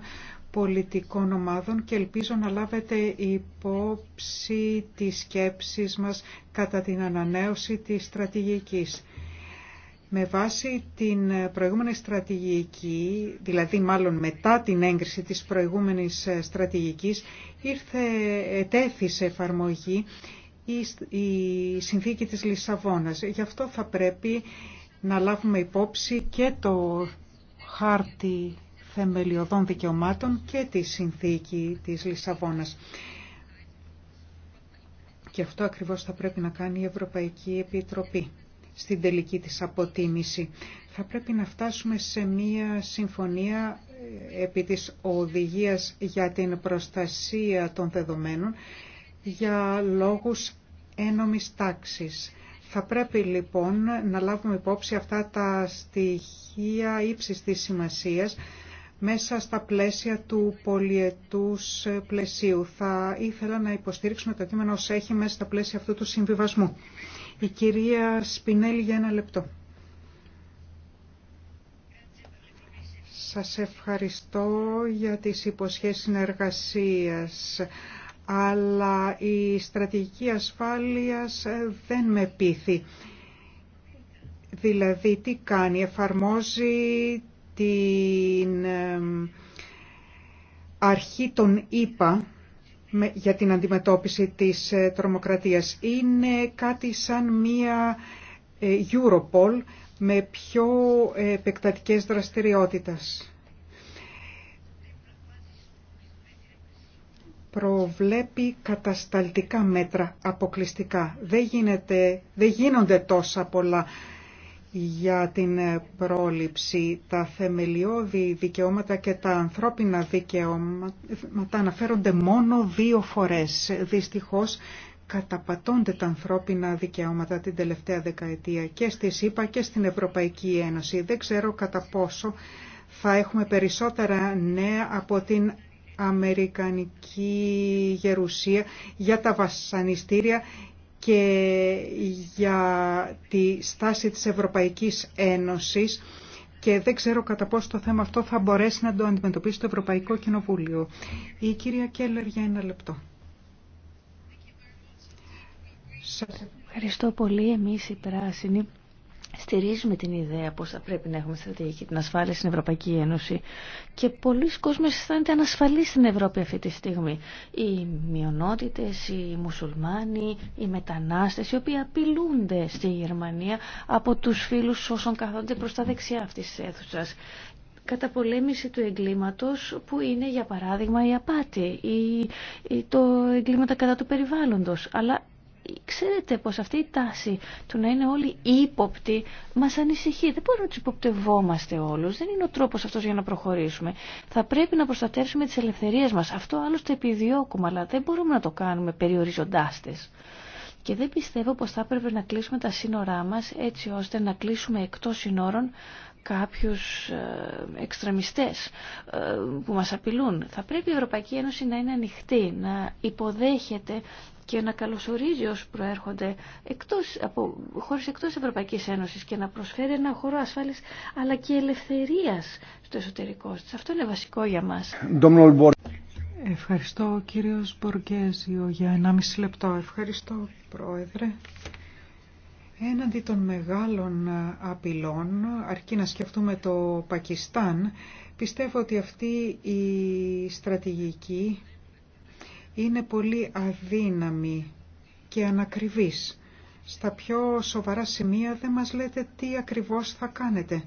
πολιτικών ομάδων και ελπίζω να λάβετε υπόψη τις σκέψεις μας κατά την ανανέωση της στρατηγικής. Με βάση την προηγούμενη στρατηγική, δηλαδή μάλλον μετά την έγκριση της προηγούμενης στρατηγικής, ήρθε ετέθη σε εφαρμογή η συνθήκη της Λισαβόνας. Γι' αυτό θα πρέπει να λάβουμε υπόψη και το χάρτη θεμελιωδών δικαιωμάτων και τη συνθήκη της Λισαβόνας. Και αυτό ακριβώς θα πρέπει να κάνει η Ευρωπαϊκή Επιτροπή στην τελική της αποτίμηση. Θα πρέπει να φτάσουμε σε μία συμφωνία ε, επί της οδηγίας για την προστασία των δεδομένων για λόγους ένομης τάξης. Θα πρέπει λοιπόν να λάβουμε υπόψη αυτά τα στοιχεία ύψης της σημασίας μέσα στα πλαίσια του πολιετούς ε, πλαισίου. Θα ήθελα να υποστήριξουμε το κείμενο ως έχει μέσα στα πλαίσια αυτού του συμβιβασμού. Η κυρία Σπινέλη για ένα λεπτό. Σας ευχαριστώ για τις υποσχέσεις συνεργασίας, αλλά η στρατηγική ασφάλειας δεν με πείθει. Δηλαδή τι κάνει, εφαρμόζει την αρχή των ΙΠΑ για την αντιμετώπιση της ε, τρομοκρατίας. Είναι κάτι σαν μία ε, Europol με πιο επεκτατικές δραστηριότητες. προβλέπει κατασταλτικά μέτρα αποκλειστικά. Δεν, γίνεται, δεν γίνονται τόσα πολλά για την ε, πρόληψη, τα θεμελιώδη δικαιώματα και τα ανθρώπινα δικαιώματα αναφέρονται μόνο δύο φορές. Δυστυχώς καταπατώνται τα ανθρώπινα δικαιώματα την τελευταία δεκαετία και στη ΣΥΠΑ και στην Ευρωπαϊκή Ένωση. Δεν ξέρω κατά πόσο θα έχουμε περισσότερα νέα από την Αμερικανική Γερουσία για τα βασανιστήρια και για τη στάση της Ευρωπαϊκής Ένωσης και δεν ξέρω κατά πόσο το θέμα αυτό θα μπορέσει να το αντιμετωπίσει το Ευρωπαϊκό Κοινοβούλιο. Η κυρία Κέλλερ για ένα λεπτό. ευχαριστώ πολύ εμείς οι πράσινοι Στηρίζουμε την ιδέα πως θα πρέπει να έχουμε στρατηγική την ασφάλεια στην Ευρωπαϊκή Ένωση και πολλοί κόσμοι αισθάνονται ανασφαλείς στην Ευρώπη αυτή τη στιγμή. Οι μειονότητες, οι μουσουλμάνοι, οι μετανάστες οι οποίοι απειλούνται στη Γερμανία από τους φίλους όσων καθόνται προς τα δεξιά αυτής της αίθουσας καταπολέμηση του εγκλήματος που είναι για παράδειγμα η απάτη ή το εγκλήματα κατά του περιβάλλοντος αλλά ξέρετε πως αυτή η τάση του να είναι όλοι ύποπτοι μας ανησυχεί. Δεν μπορούμε να τους υποπτευόμαστε όλους. Δεν είναι ο τρόπος αυτός για να προχωρήσουμε. Θα πρέπει να προστατεύσουμε τις ελευθερίες μας. Αυτό άλλωστε επιδιώκουμε, αλλά δεν μπορούμε να το κάνουμε περιοριζοντάς τις. Και δεν πιστεύω πως θα έπρεπε να κλείσουμε τα σύνορά μας έτσι ώστε να κλείσουμε εκτός σύνορων κάποιους ε, εξτρεμιστές ε, που μας απειλούν. Θα πρέπει η Ευρωπαϊκή Ένωση να είναι ανοιχτή, να υποδέχεται και να καλωσορίζει όσου προέρχονται εκτός, από χώρες εκτός Ευρωπαϊκής Ένωσης και να προσφέρει ένα χώρο ασφάλειας αλλά και ελευθερίας στο εσωτερικό της. Αυτό είναι βασικό για μας. Ευχαριστώ κύριος Μποργέζιο για 1,5 λεπτό. Ευχαριστώ πρόεδρε. Έναντι των μεγάλων απειλών, αρκεί να σκεφτούμε το Πακιστάν, πιστεύω ότι αυτή η στρατηγική είναι πολύ αδύναμη και ανακριβής. Στα πιο σοβαρά σημεία δεν μας λέτε τι ακριβώς θα κάνετε.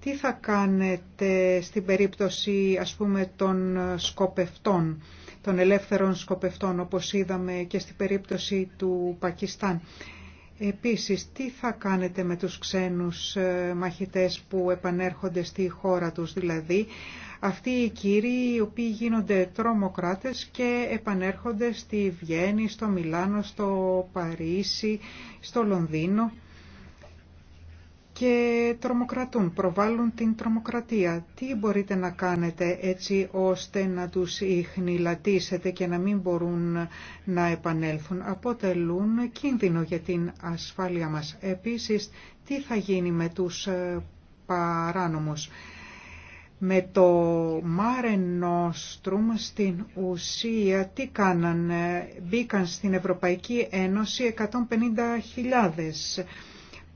Τι θα κάνετε στην περίπτωση ας πούμε των σκοπευτών, των ελεύθερων σκοπευτών όπως είδαμε και στην περίπτωση του Πακιστάν. Επίσης, τι θα κάνετε με τους ξένους ε, μαχητές που επανέρχονται στη χώρα τους, δηλαδή αυτοί οι κύριοι οι οποίοι γίνονται τρομοκράτες και επανέρχονται στη Βιέννη, στο Μιλάνο, στο Παρίσι, στο Λονδίνο και τρομοκρατούν, προβάλλουν την τρομοκρατία. Τι μπορείτε να κάνετε έτσι ώστε να τους ιχνηλατήσετε και να μην μπορούν να επανέλθουν. Αποτελούν κίνδυνο για την ασφάλεια μας. Επίσης, τι θα γίνει με τους ε, παράνομους. Με το Mare Nostrum στην ουσία τι κάναν, μπήκαν στην Ευρωπαϊκή Ένωση 150.000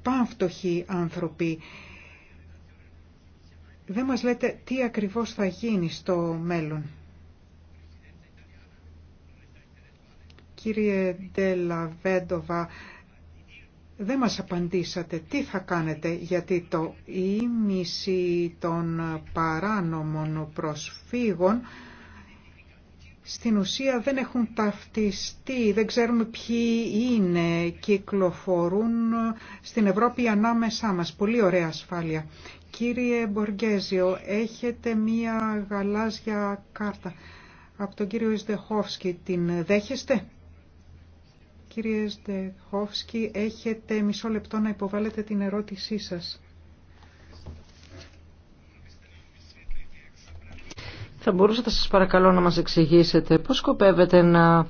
πανφτωχοί άνθρωποι. Δεν μας λέτε τι ακριβώς θα γίνει στο μέλλον. Κύριε Ντέλα Βέντοβα, δεν μας απαντήσατε τι θα κάνετε γιατί το ίμιση των παράνομων προσφύγων στην ουσία δεν έχουν ταυτιστεί, δεν ξέρουμε ποιοι είναι, κυκλοφορούν στην Ευρώπη ανάμεσά μας. Πολύ ωραία ασφάλεια. Κύριε Μποργέζιο, έχετε μία γαλάζια κάρτα από τον κύριο Ισδεχόφσκι. Την δέχεστε? Κύριε Ισδεχόφσκι, έχετε μισό λεπτό να υποβάλλετε την ερώτησή σας. Θα μπορούσατε σας παρακαλώ να μας εξηγήσετε πώς σκοπεύετε να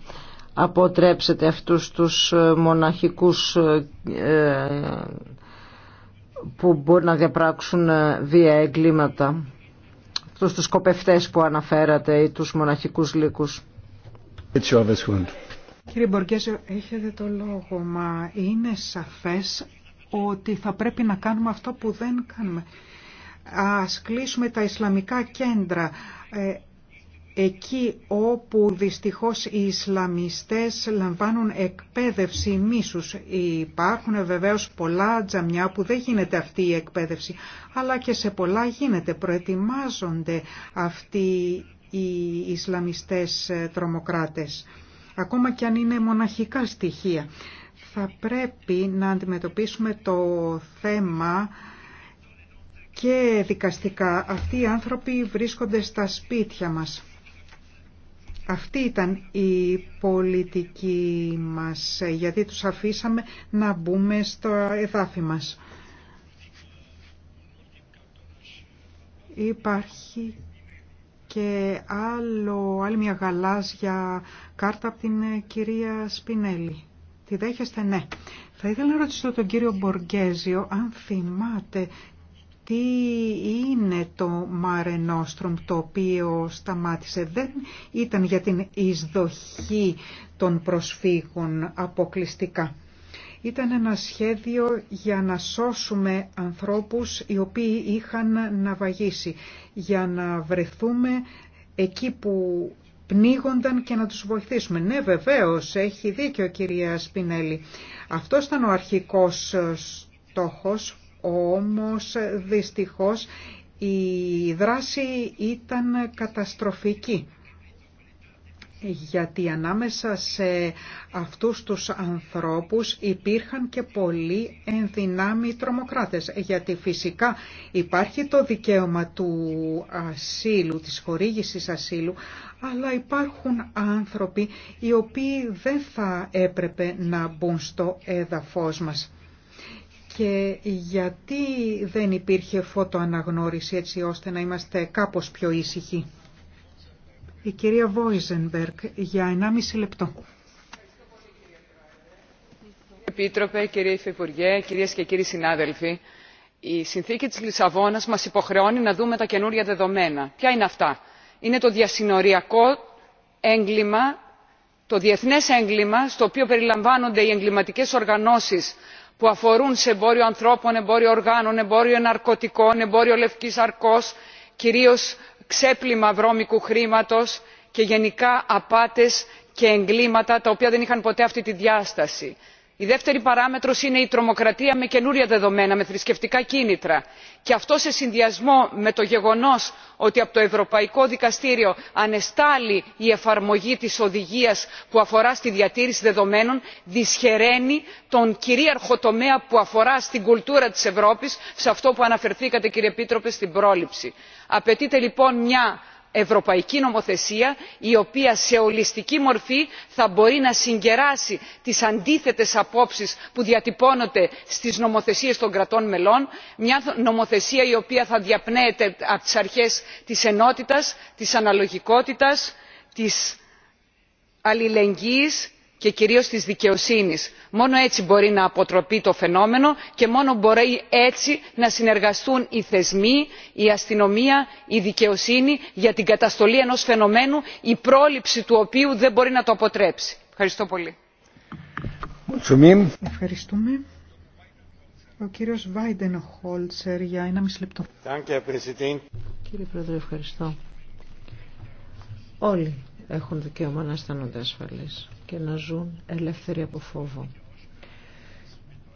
αποτρέψετε αυτούς τους ε, μοναχικούς ε, ε, που μπορεί να διαπράξουν βία εγκλήματα αυτούς τους σκοπευτές που αναφέρατε ή τους μοναχικούς λύκους. Κύριε Μποργέζο, έχετε το λόγο, μα είναι σαφές ότι θα πρέπει να κάνουμε αυτό που δεν κάνουμε ας κλείσουμε τα Ισλαμικά κέντρα ε, εκεί όπου δυστυχώς οι Ισλαμιστές λαμβάνουν εκπαίδευση μίσους. Υπάρχουν βεβαίως πολλά τζαμιά που δεν γίνεται αυτή η εκπαίδευση, αλλά και σε πολλά γίνεται, προετοιμάζονται αυτοί οι Ισλαμιστές ε, τρομοκράτες, ακόμα και αν είναι μοναχικά στοιχεία. Θα πρέπει να αντιμετωπίσουμε το θέμα και δικαστικά αυτοί οι άνθρωποι βρίσκονται στα σπίτια μας. Αυτή ήταν η πολιτική μας, γιατί τους αφήσαμε να μπούμε στο εδάφι μας. Υπάρχει και άλλο, άλλη μια γαλάζια κάρτα από την κυρία Σπινέλη. Τη δέχεστε, ναι. Θα ήθελα να ρωτήσω τον κύριο Μποργέζιο αν θυμάται τι είναι το Mare το οποίο σταμάτησε. Δεν ήταν για την εισδοχή των προσφύγων αποκλειστικά. Ήταν ένα σχέδιο για να σώσουμε ανθρώπους οι οποίοι είχαν να βαγήσει για να βρεθούμε εκεί που πνίγονταν και να τους βοηθήσουμε. Ναι βεβαίως, έχει δίκιο κυρία Σπινέλη. Αυτό ήταν ο αρχικός στόχος όμως δυστυχώς η δράση ήταν καταστροφική γιατί ανάμεσα σε αυτούς τους ανθρώπους υπήρχαν και πολλοί ενδυνάμοι τρομοκράτες, γιατί φυσικά υπάρχει το δικαίωμα του ασύλου, της χορήγησης ασύλου, αλλά υπάρχουν άνθρωποι οι οποίοι δεν θα έπρεπε να μπουν στο έδαφος μας και γιατί δεν υπήρχε φωτοαναγνώριση έτσι ώστε να είμαστε κάπως πιο ήσυχοι. Η κυρία Βόιζενμπεργκ για 1,5 λεπτό. Επίτροπε, κύριε Υφυπουργέ, κυρίες και κύριοι συνάδελφοι, η συνθήκη της Λισαβόνας μας υποχρεώνει να δούμε τα καινούρια δεδομένα. Ποια είναι αυτά. Είναι το διασυνοριακό έγκλημα το διεθνές έγκλημα στο οποίο περιλαμβάνονται οι εγκληματικές οργανώσεις που αφορούν σε εμπόριο ανθρώπων εμπόριο οργάνων εμπόριο ναρκωτικών εμπόριο λευκής αρκός κυρίως ξέπλυμα βρώμικου χρήματος και γενικά απάτες και εγκλήματα τα οποία δεν είχαν ποτέ αυτή τη διάσταση η δεύτερη παράμετρος είναι η τρομοκρατία με καινούρια δεδομένα με θρησκευτικά κίνητρα και αυτό σε συνδυασμό με το γεγονός ότι από το ευρωπαϊκό δικαστήριο ανεστάλλει η εφαρμογή της οδηγίας που αφορά στη διατήρηση δεδομένων δυσχεραίνει τον κυρίαρχο τομέα που αφορά στην κουλτούρα της ευρώπης σε αυτό που αναφερθήκατε κύριε επίτροπε στην πρόληψη. απαιτείται λοιπόν μια ευρωπαϊκή νομοθεσία η οποία σε ολιστική μορφή θα μπορεί να συγκεράσει τις αντίθετες απόψεις που διατυπώνονται στις νομοθεσίες των κρατών μελών μια νομοθεσία η οποία θα διαπνέεται από τις αρχές της ενότητας της αναλογικότητας της αλληλεγγύης και κυρίως της δικαιοσύνης. μόνο έτσι μπορεί να αποτροπεί το φαινόμενο και μόνο μπορεί έτσι να συνεργαστούν οι θεσμοί η αστυνομία η δικαιοσύνη για την καταστολή ενός φαινομένου η πρόληψη του οποίου δεν μπορεί να το αποτρέψει. ευχαριστώ πολύ. Ευχαριστούμε. Ο κύριος Βάιντεν για ένα Κύριε Πρόεδρε, ευχαριστώ. Όλοι έχουν δικαίωμα να αισθάνονται ασφαλείς και να ζουν ελεύθεροι από φόβο.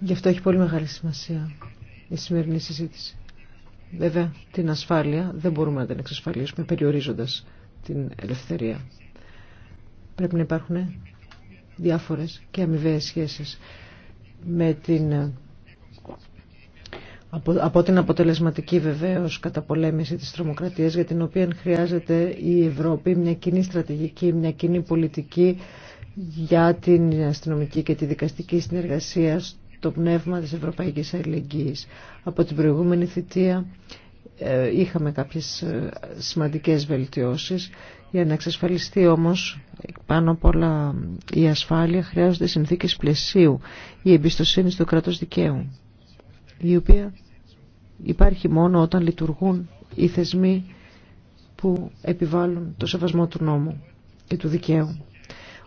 Γι' αυτό έχει πολύ μεγάλη σημασία η σημερινή συζήτηση. Βέβαια, την ασφάλεια δεν μπορούμε να την εξασφαλίσουμε περιορίζοντας την ελευθερία. Πρέπει να υπάρχουν διάφορες και αμοιβαίες σχέσεις με την από, από την αποτελεσματική βεβαίως καταπολέμηση της τρομοκρατίας για την οποία χρειάζεται η Ευρώπη μια κοινή στρατηγική, μια κοινή πολιτική για την αστυνομική και τη δικαστική συνεργασία στο πνεύμα της Ευρωπαϊκής Αλληλεγγύης. Από την προηγούμενη θητεία ε, είχαμε κάποιες ε, σημαντικές βελτιώσεις. Για να εξασφαλιστεί όμως πάνω απ' όλα η ασφάλεια χρειάζονται συνθήκες πλαισίου, η εμπιστοσύνη στο κράτος δικαίου η οποία υπάρχει μόνο όταν λειτουργούν οι θεσμοί που επιβάλλουν το σεβασμό του νόμου και του δικαίου,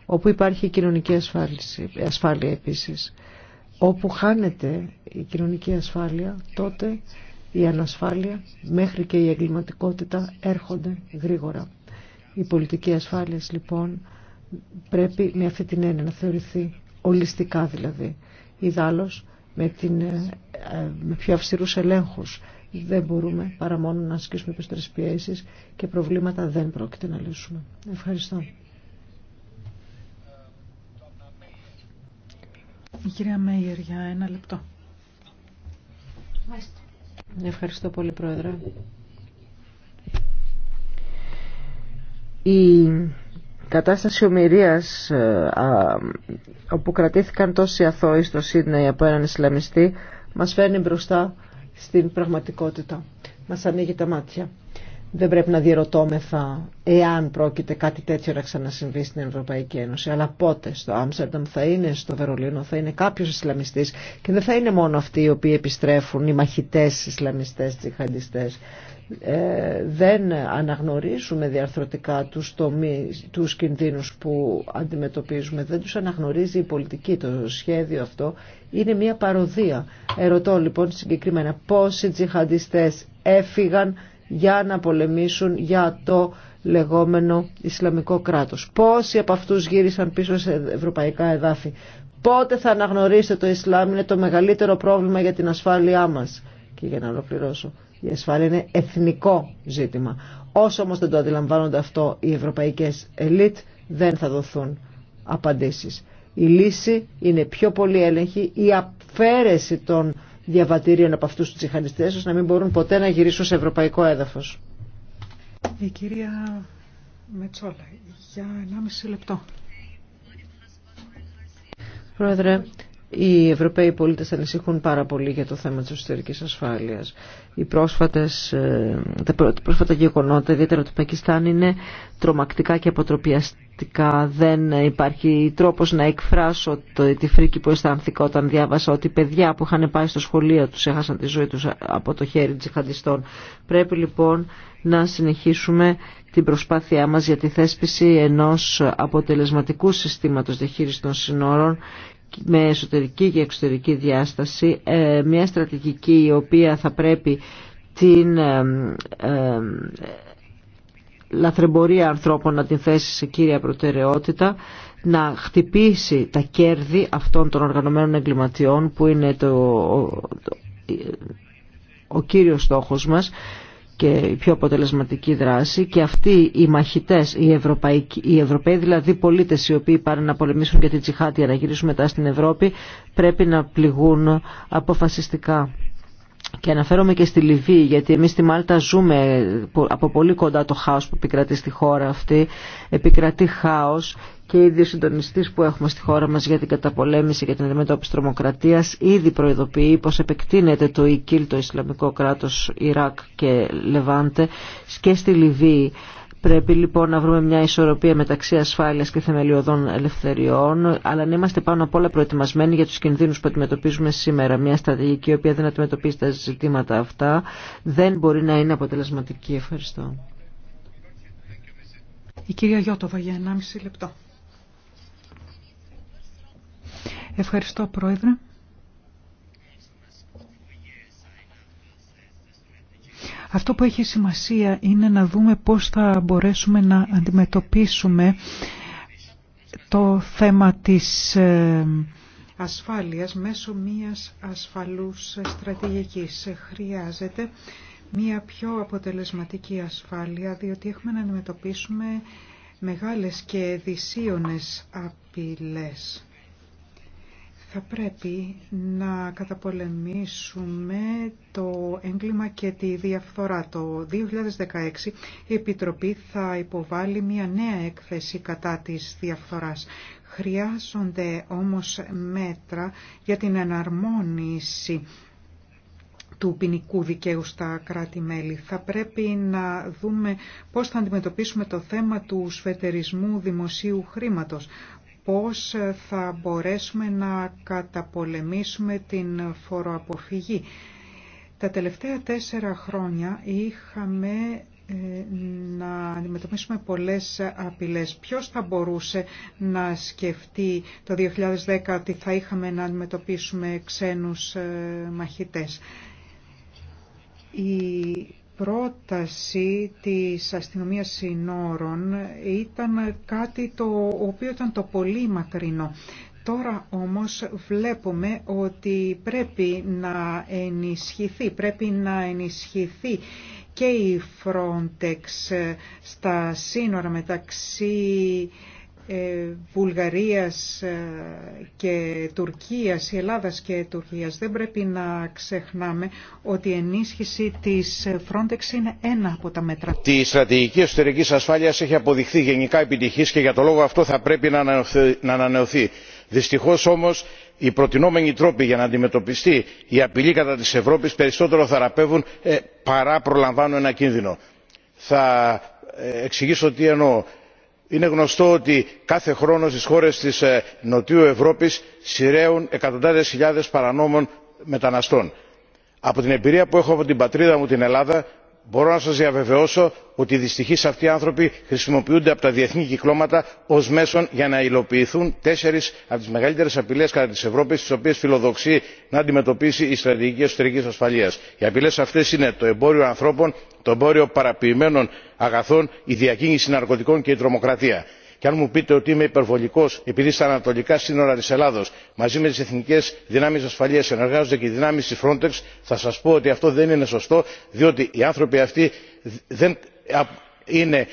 όπου υπάρχει η κοινωνική ασφάλιση, ασφάλεια επίσης. Όπου χάνεται η κοινωνική ασφάλεια, τότε η ανασφάλεια μέχρι και η εγκληματικότητα έρχονται γρήγορα. Η πολιτική ασφάλεια λοιπόν πρέπει με αυτή την έννοια να θεωρηθεί ολιστικά δηλαδή. Ιδάλλως με, την, ε, ε, με πιο αυστηρούς ελέγχους. Δεν μπορούμε παρά μόνο να ασκήσουμε περισσότερες πιέσεις και προβλήματα δεν πρόκειται να λύσουμε. Ευχαριστώ. Η κυρία Μέιερ για ένα λεπτό. Ευχαριστώ πολύ Πρόεδρε. Η κατάσταση ομοιρίας ε, όπου κρατήθηκαν τόσοι αθώοι στο Σίδνεϊ από έναν Ισλαμιστή μας φέρνει μπροστά στην πραγματικότητα. Μας ανοίγει τα μάτια. Δεν πρέπει να διερωτώμεθα εάν πρόκειται κάτι τέτοιο να ξανασυμβεί στην Ευρωπαϊκή Ένωση. Αλλά πότε στο Άμστερνταμ θα είναι, στο Βερολίνο θα είναι κάποιο Ισλαμιστή και δεν θα είναι μόνο αυτοί οι οποίοι επιστρέφουν, οι μαχητέ Ισλαμιστέ, τζιχαντιστέ. Ε, δεν αναγνωρίζουμε διαρθρωτικά τους, τομείς, τους κινδύνους που αντιμετωπίζουμε, δεν τους αναγνωρίζει η πολιτική το σχέδιο αυτό, είναι μια παροδία. Ερωτώ λοιπόν συγκεκριμένα πόσοι τζιχαντιστές έφυγαν για να πολεμήσουν για το λεγόμενο Ισλαμικό κράτος. Πόσοι από αυτούς γύρισαν πίσω σε ευρωπαϊκά εδάφη. Πότε θα αναγνωρίσετε το Ισλάμ είναι το μεγαλύτερο πρόβλημα για την ασφάλειά μας. Και για να ολοκληρώσω. Η ασφάλεια είναι εθνικό ζήτημα. Όσο όμως δεν το αντιλαμβάνονται αυτό οι ευρωπαϊκές ελίτ δεν θα δοθούν απαντήσεις. Η λύση είναι πιο πολύ έλεγχη, η αφαίρεση των διαβατηρίων από αυτούς τους τσιχανιστές ώστε να μην μπορούν ποτέ να γυρίσουν σε ευρωπαϊκό έδαφος. Η κυρία Μετσόλα, για 1,5 λεπτό. Πρόεδρε, οι Ευρωπαίοι πολίτες ανησυχούν πάρα πολύ για το θέμα της εσωτερικής ασφάλειας. Οι πρόσφατες, ε, τα πρόσφατα γεγονότα, ιδιαίτερα του Πακιστάν, είναι τρομακτικά και αποτροπιαστικά. Δεν υπάρχει τρόπος να εκφράσω τη φρίκη που αισθάνθηκα όταν διάβασα ότι παιδιά που είχαν πάει στο σχολείο τους έχασαν τη ζωή τους από το χέρι τζιχαντιστών. Πρέπει λοιπόν να συνεχίσουμε την προσπάθειά μας για τη θέσπιση ενός αποτελεσματικού συστήματος διαχείρισης των συνόρων με εσωτερική και εξωτερική διάσταση ε, μια στρατηγική η οποία θα πρέπει την ε, ε, λαθρεμπορία ανθρώπων να την θέσει σε κύρια προτεραιότητα να χτυπήσει τα κέρδη αυτών των οργανωμένων εγκληματιών που είναι το, ο, ο κύριος στόχος μας και η πιο αποτελεσματική δράση και αυτοί οι μαχητές, οι, Ευρωπαίοι, οι Ευρωπαίοι δηλαδή πολίτες οι οποίοι πάνε να πολεμήσουν για την Τσιχάτη για να γυρίσουν μετά στην Ευρώπη πρέπει να πληγούν αποφασιστικά. Και αναφέρομαι και στη Λιβύη, γιατί εμείς στη Μάλτα ζούμε από πολύ κοντά το χάος που επικρατεί στη χώρα αυτή. Επικρατεί χάος και ήδη ο συντονιστή που έχουμε στη χώρα μα για την καταπολέμηση και την αντιμετώπιση τρομοκρατία ήδη προειδοποιεί πω επεκτείνεται το ΙΚΙΛ, το Ισλαμικό κράτο Ιράκ και Λεβάντε, και στη Λιβύη. Πρέπει λοιπόν να βρούμε μια ισορροπία μεταξύ ασφάλεια και θεμελιωδών ελευθεριών, αλλά να είμαστε πάνω απ' όλα προετοιμασμένοι για του κινδύνου που αντιμετωπίζουμε σήμερα. Μια στρατηγική η οποία δεν αντιμετωπίζει τα ζητήματα αυτά δεν μπορεί να είναι αποτελεσματική. Ευχαριστώ. Η κυρία Γιώτοβα για 1,5 λεπτό. Ευχαριστώ Πρόεδρε. Αυτό που έχει σημασία είναι να δούμε πώς θα μπορέσουμε να αντιμετωπίσουμε το θέμα της ε, ασφάλειας μέσω μίας ασφαλούς στρατηγικής. Χρειάζεται μία πιο αποτελεσματική ασφάλεια, διότι έχουμε να αντιμετωπίσουμε μεγάλες και δυσίωνες απειλές. Θα πρέπει να καταπολεμήσουμε το έγκλημα και τη διαφθορά. Το 2016 η Επιτροπή θα υποβάλει μια νέα έκθεση κατά της διαφθοράς. Χρειάζονται όμως μέτρα για την εναρμόνιση του ποινικού δικαίου στα κράτη-μέλη. Θα πρέπει να δούμε πώς θα αντιμετωπίσουμε το θέμα του σφετερισμού δημοσίου χρήματος πώς θα μπορέσουμε να καταπολεμήσουμε την φοροαποφυγή. Τα τελευταία τέσσερα χρόνια είχαμε ε, να αντιμετωπίσουμε πολλές απειλές. Ποιος θα μπορούσε να σκεφτεί το 2010 ότι θα είχαμε να αντιμετωπίσουμε ξένους ε, μαχητές πρόταση της αστυνομίας συνόρων ήταν κάτι το οποίο ήταν το πολύ μακρινό. Τώρα όμως βλέπουμε ότι πρέπει να ενισχυθεί, πρέπει να ενισχυθεί και η Frontex στα σύνορα μεταξύ ε, Βουλγαρίας ε, και Τουρκίας, η Ελλάδας και Τουρκίας. Δεν πρέπει να ξεχνάμε ότι η ενίσχυση της Frontex είναι ένα από τα μέτρα. Η στρατηγική εσωτερική ασφάλειας έχει αποδειχθεί γενικά επιτυχής και για το λόγο αυτό θα πρέπει να ανανεωθεί. Να ανανεωθεί. Δυστυχώς όμως οι προτινόμενοι τρόποι για να αντιμετωπιστεί η απειλή κατά της Ευρώπης περισσότερο θεραπεύουν ε, παρά προλαμβάνουν ένα κίνδυνο. Θα εξηγήσω τι εννοώ είναι γνωστό ότι κάθε χρόνο στις χώρες της ε, νοτιού ευρώπης σειραίουν εκατοντάδες χιλιάδες παρανόμων μεταναστών. από την εμπειρία που έχω από την πατρίδα μου την ελλάδα μπορώ να σας διαβεβαιώσω ότι δυστυχώς αυτοί οι άνθρωποι χρησιμοποιούνται από τα διεθνή κυκλώματα ως μέσον για να υλοποιηθούν τέσσερις από τις μεγαλύτερες απειλές κατά της ευρώπης τις οποίες φιλοδοξεί να αντιμετωπίσει η στρατηγική εσωτερικής ασφαλείας. οι απειλές αυτές είναι το εμπόριο ανθρώπων το εμπόριο παραποιημένων αγαθών η διακίνηση ναρκωτικών και η τρομοκρατία και αν μου πείτε ότι είμαι υπερβολικό επειδή στα ανατολικά σύνορα τη ελλάδο μαζί με τι εθνικέ δυνάμει ασφαλεία συνεργάζονται και οι δυνάμει τη frontex θα σα πω ότι αυτό δεν είναι σωστό διότι οι άνθρωποι αυτοί δεν είναι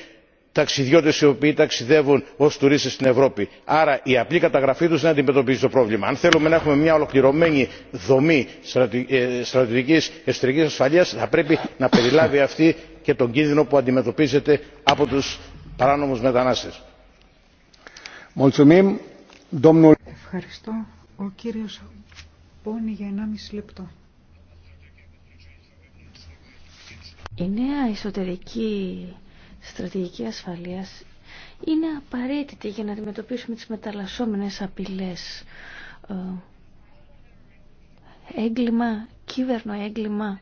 ταξιδιώτε οι οποίοι ταξιδεύουν ω τουρίστε στην ευρώπη. άρα η απλή καταγραφή του δεν αντιμετωπίζει το πρόβλημα. αν θέλουμε να έχουμε μια ολοκληρωμένη δομή ε, στρατιωτική εσωτερική ασφαλεία θα πρέπει να περιλάβει αυτή και τον κίνδυνο που αντιμετωπίζεται από του παράνομου μετανάστε. Ευχαριστώ. Ο κύριος Πόνη για 1,5 λεπτό. Η νέα εσωτερική στρατηγική ασφαλείας είναι απαραίτητη για να αντιμετωπίσουμε τις μεταλλασσόμενες απειλές. Ε, έγκλημα, κύβερνο έγκλημα,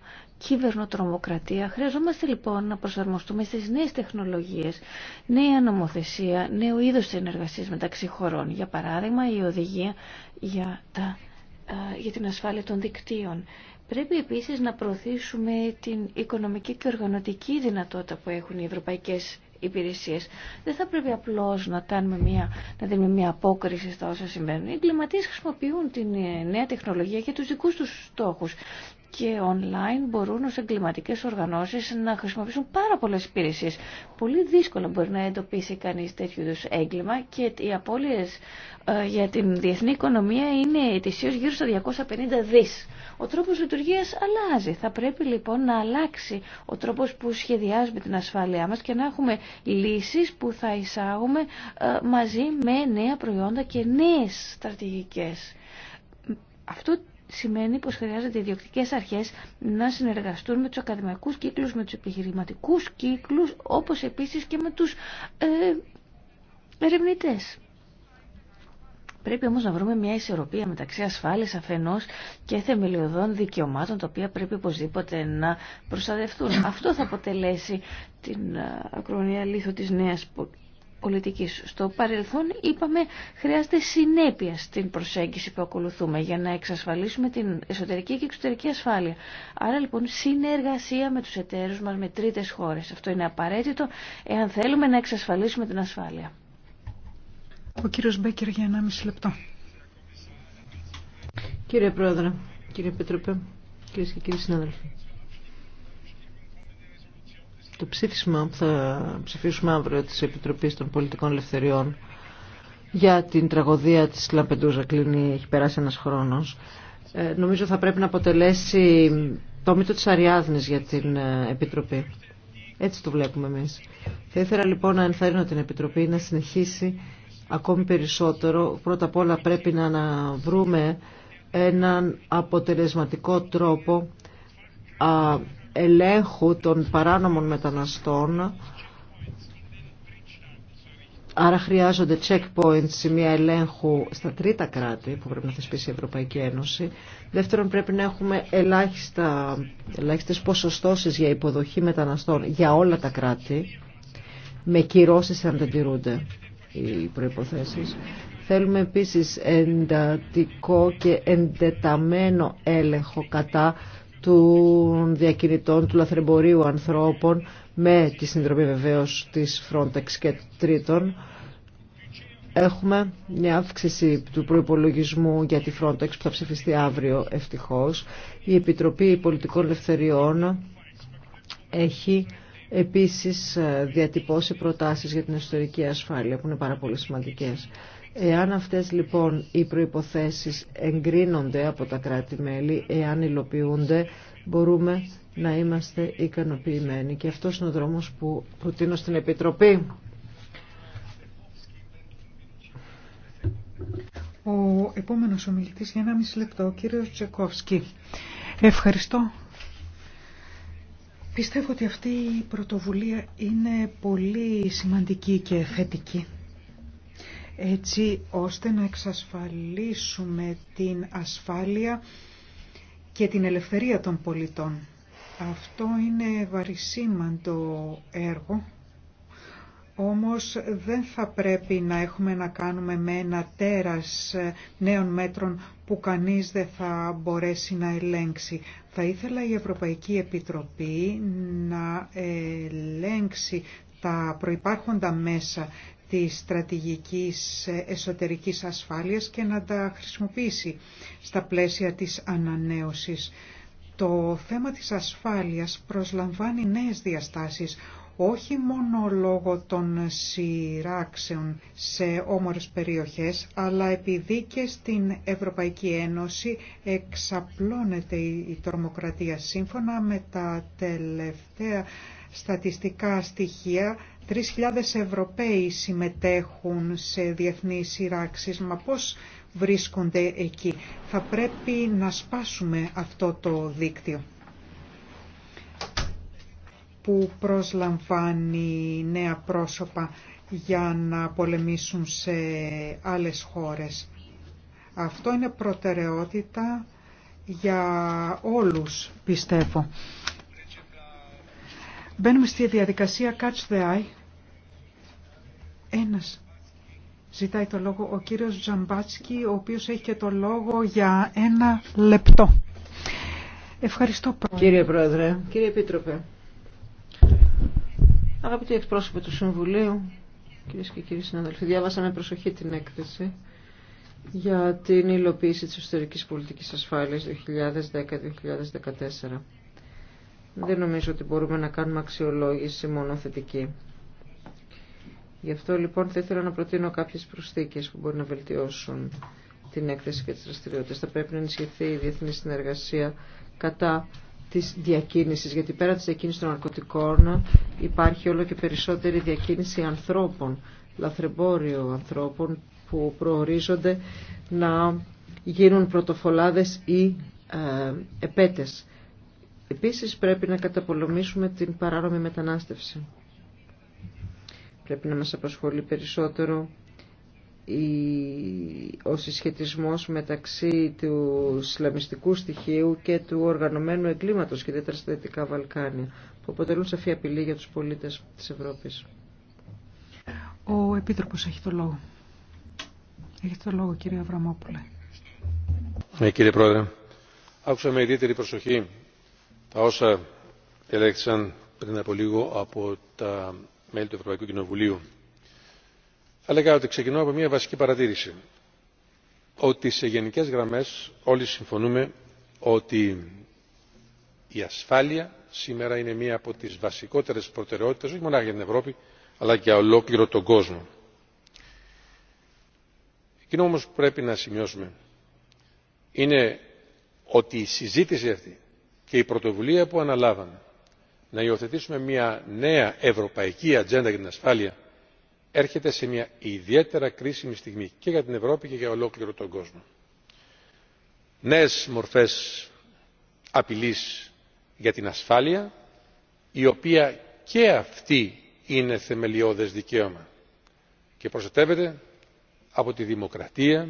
κυβερνοτρομοκρατία. Χρειαζόμαστε λοιπόν να προσαρμοστούμε στις νέες τεχνολογίες, νέα νομοθεσία, νέο είδος συνεργασίας μεταξύ χωρών. Για παράδειγμα, η οδηγία για, τα, ε, για την ασφάλεια των δικτύων. Πρέπει επίσης να προωθήσουμε την οικονομική και οργανωτική δυνατότητα που έχουν οι ευρωπαϊκές υπηρεσίες. Δεν θα πρέπει απλώς να, κάνουμε μια, να δίνουμε μια απόκριση στα όσα συμβαίνουν. Οι εγκληματίες χρησιμοποιούν την ε, νέα τεχνολογία για τους δικούς τους στόχους και online μπορούν ως εγκληματικές οργανώσεις να χρησιμοποιήσουν πάρα πολλές υπηρεσίες. Πολύ δύσκολα μπορεί να εντοπίσει κανείς τέτοιου είδους έγκλημα και οι απώλειες ε, για την διεθνή οικονομία είναι ετησίως γύρω στα 250 δις. Ο τρόπος λειτουργίας αλλάζει. Θα πρέπει λοιπόν να αλλάξει ο τρόπος που σχεδιάζουμε την ασφάλειά μας και να έχουμε λύσεις που θα εισάγουμε ε, μαζί με νέα προϊόντα και νέες στρατηγικές. Αυτό σημαίνει πως χρειάζεται οι ιδιοκτικές αρχές να συνεργαστούν με τους ακαδημαϊκούς κύκλους, με τους επιχειρηματικούς κύκλους, όπως επίσης και με τους ε, ερευνητές. Πρέπει όμως να βρούμε μια ισορροπία μεταξύ ασφάλειας αφενός και θεμελιωδών δικαιωμάτων, τα οποία πρέπει οπωσδήποτε να προστατευτούν. Αυτό θα αποτελέσει την ε, ακρονία λίθο της νέας πολιτικής. Στο παρελθόν είπαμε χρειάζεται συνέπεια στην προσέγγιση που ακολουθούμε για να εξασφαλίσουμε την εσωτερική και εξωτερική ασφάλεια. Άρα λοιπόν συνεργασία με τους εταίρους μας, με τρίτες χώρες. Αυτό είναι απαραίτητο εάν θέλουμε να εξασφαλίσουμε την ασφάλεια. Ο κύριος Μπέκερ για 1,5 λεπτό. Κύριε Πρόεδρε, κύριε Πετροπέ, και κύριοι συνάδελφοι. Το ψήφισμα που θα ψηφίσουμε αύριο της Επιτροπής των Πολιτικών Ελευθεριών για την τραγωδία της Λαμπεντούζα κλείνει, έχει περάσει ένας χρόνος. Ε, νομίζω θα πρέπει να αποτελέσει το μύτο της Αριάδνης για την ε, Επιτροπή. Έτσι το βλέπουμε εμείς. Θα ήθελα λοιπόν να ενθαρρύνω την Επιτροπή να συνεχίσει ακόμη περισσότερο. Πρώτα απ' όλα πρέπει να βρούμε έναν αποτελεσματικό τρόπο ελέγχου των παράνομων μεταναστών Άρα χρειάζονται checkpoints, σημεία ελέγχου στα τρίτα κράτη που πρέπει να θεσπίσει η Ευρωπαϊκή Ένωση. Δεύτερον, πρέπει να έχουμε ελάχιστα, ελάχιστες ποσοστώσεις για υποδοχή μεταναστών για όλα τα κράτη, με κυρώσεις αν δεν τηρούνται οι προϋποθέσεις. Θέλουμε επίσης εντατικό και εντεταμένο έλεγχο κατά των διακινητών, του λαθρεμπορίου ανθρώπων με τη συνδρομή βεβαίως της Frontex και τρίτων έχουμε μια αύξηση του προϋπολογισμού για τη Frontex που θα ψηφιστεί αύριο ευτυχώς. Η Επιτροπή Πολιτικών Ελευθεριών έχει επίσης διατυπώσει προτάσεις για την εσωτερική ασφάλεια που είναι πάρα πολύ σημαντικές. Εάν αυτές λοιπόν οι προϋποθέσεις εγκρίνονται από τα κράτη-μέλη, εάν υλοποιούνται, μπορούμε να είμαστε ικανοποιημένοι. Και αυτός είναι ο δρόμος που προτείνω στην Επιτροπή. Ο επόμενος ομιλητής για ένα μισή λεπτό, ο κύριος Τσεκόφσκι. Ευχαριστώ. Πιστεύω ότι αυτή η πρωτοβουλία είναι πολύ σημαντική και θετική έτσι ώστε να εξασφαλίσουμε την ασφάλεια και την ελευθερία των πολιτών. Αυτό είναι βαρισίμαντο έργο, όμως δεν θα πρέπει να έχουμε να κάνουμε με ένα τέρας νέων μέτρων που κανείς δεν θα μπορέσει να ελέγξει. Θα ήθελα η Ευρωπαϊκή Επιτροπή να ελέγξει τα προϋπάρχοντα μέσα της στρατηγικής εσωτερικής ασφάλειας και να τα χρησιμοποιήσει στα πλαίσια της ανανέωσης. Το θέμα της ασφάλειας προσλαμβάνει νέες διαστάσεις, όχι μόνο λόγω των σειράξεων σε όμορες περιοχές, αλλά επειδή και στην Ευρωπαϊκή Ένωση εξαπλώνεται η τρομοκρατία σύμφωνα με τα τελευταία στατιστικά στοιχεία 3.000 Ευρωπαίοι συμμετέχουν σε διεθνείς σειράξεις. Μα πώς βρίσκονται εκεί. Θα πρέπει να σπάσουμε αυτό το δίκτυο που προσλαμβάνει νέα πρόσωπα για να πολεμήσουν σε άλλες χώρες. Αυτό είναι προτεραιότητα για όλους, πιστεύω. Μπαίνουμε στη διαδικασία Catch the Eye ένας ζητάει το λόγο, ο κύριος Τζαμπάτσκι, ο οποίος έχει και το λόγο για ένα λεπτό. Ευχαριστώ πρόεδρε. Κύριε Πρόεδρε, κύριε Επίτροπε, αγαπητοί εκπρόσωποι του Συμβουλίου, κυρίε και κύριοι συναδελφοί, διάβασα με προσοχή την έκθεση για την υλοποίηση της εσωτερικής πολιτικής ασφάλειας 2010-2014. Δεν νομίζω ότι μπορούμε να κάνουμε αξιολόγηση μόνο θετική. Γι' αυτό λοιπόν θα ήθελα να προτείνω κάποιε προσθήκε που μπορεί να βελτιώσουν την έκθεση και τι δραστηριότητε. Θα πρέπει να ενισχυθεί η διεθνή συνεργασία κατά τη διακίνηση. γιατί πέρα τη διακίνηση των ναρκωτικών υπάρχει όλο και περισσότερη διακίνηση ανθρώπων, λαθρεμπόριο ανθρώπων που προορίζονται να γίνουν πρωτοφολάδες ή ε, επέτες. Επίσης πρέπει να καταπολεμήσουμε την παράνομη μετανάστευση. Πρέπει να μας απασχολεί περισσότερο ο συσχετισμός μεταξύ του σλαμιστικού στοιχείου και του οργανωμένου εγκλήματος και ιδιαίτερα στα Βαλκάνια που αποτελούν σαφή απειλή για τους πολίτες της Ευρώπης. Ο Επίτροπος έχει το λόγο. Έχει το λόγο κύριε Αβραμόπουλε. Ναι, κύριε Πρόεδρε, άκουσα με ιδιαίτερη προσοχή τα όσα ελέγξαν πριν από λίγο από τα μέλη του Ευρωπαϊκού Κοινοβουλίου. Θα έλεγα ότι ξεκινώ από μια βασική παρατήρηση. Ότι σε γενικές γραμμές όλοι συμφωνούμε ότι η ασφάλεια σήμερα είναι μία από τις βασικότερες προτεραιότητες όχι μόνο για την Ευρώπη αλλά και για ολόκληρο τον κόσμο. Εκείνο όμως που πρέπει να σημειώσουμε είναι ότι η συζήτηση αυτή και η πρωτοβουλία που αναλάβαμε να υιοθετήσουμε μια νέα ευρωπαϊκή ατζέντα για την ασφάλεια έρχεται σε μια ιδιαίτερα κρίσιμη στιγμή και για την ευρώπη και για ολόκληρο τον κόσμο. νέες μορφές απειλής για την ασφάλεια η οποία και αυτή είναι θεμελιώδε δικαίωμα και προστατεύεται από τη δημοκρατία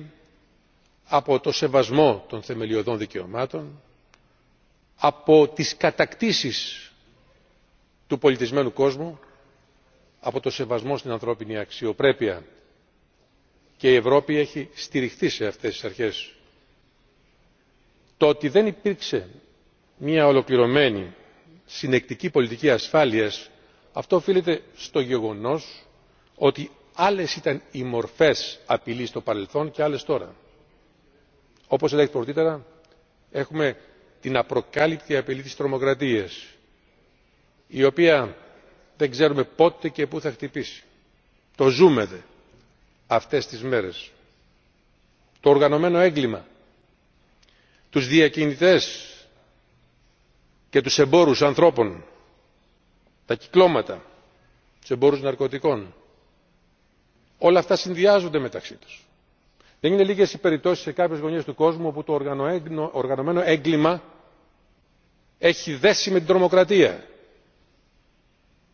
από το σεβασμό των θεμελιωδών δικαιωμάτων από τις κατακτήσεις του πολιτισμένου κόσμου από το σεβασμό στην ανθρώπινη αξιοπρέπεια και η ευρώπη έχει στηριχθεί σε αυτές τις αρχές. το ότι δεν υπήρξε μια ολοκληρωμένη συνεκτική πολιτική ασφάλειας αυτό οφείλεται στο γεγονός ότι άλλες ήταν οι μορφές απειλής στο παρελθόν και άλλες τώρα. όπως λέει πρωτήτερα έχουμε την απροκάλυπτη απειλή της τρομοκρατίας η οποία δεν ξέρουμε πότε και πού θα χτυπήσει. το ζούμε δε αυτές τις μέρες. το οργανωμένο έγκλημα τους διακινητές και τους εμπόρους ανθρώπων τα κυκλώματα τους εμπόρους ναρκωτικών όλα αυτά συνδυάζονται μεταξύ τους. δεν είναι λίγες οι περιπτώσεις σε κάποιες γωνιές του κόσμου όπου το οργανωμένο έγκλημα έχει δέσει με την τρομοκρατία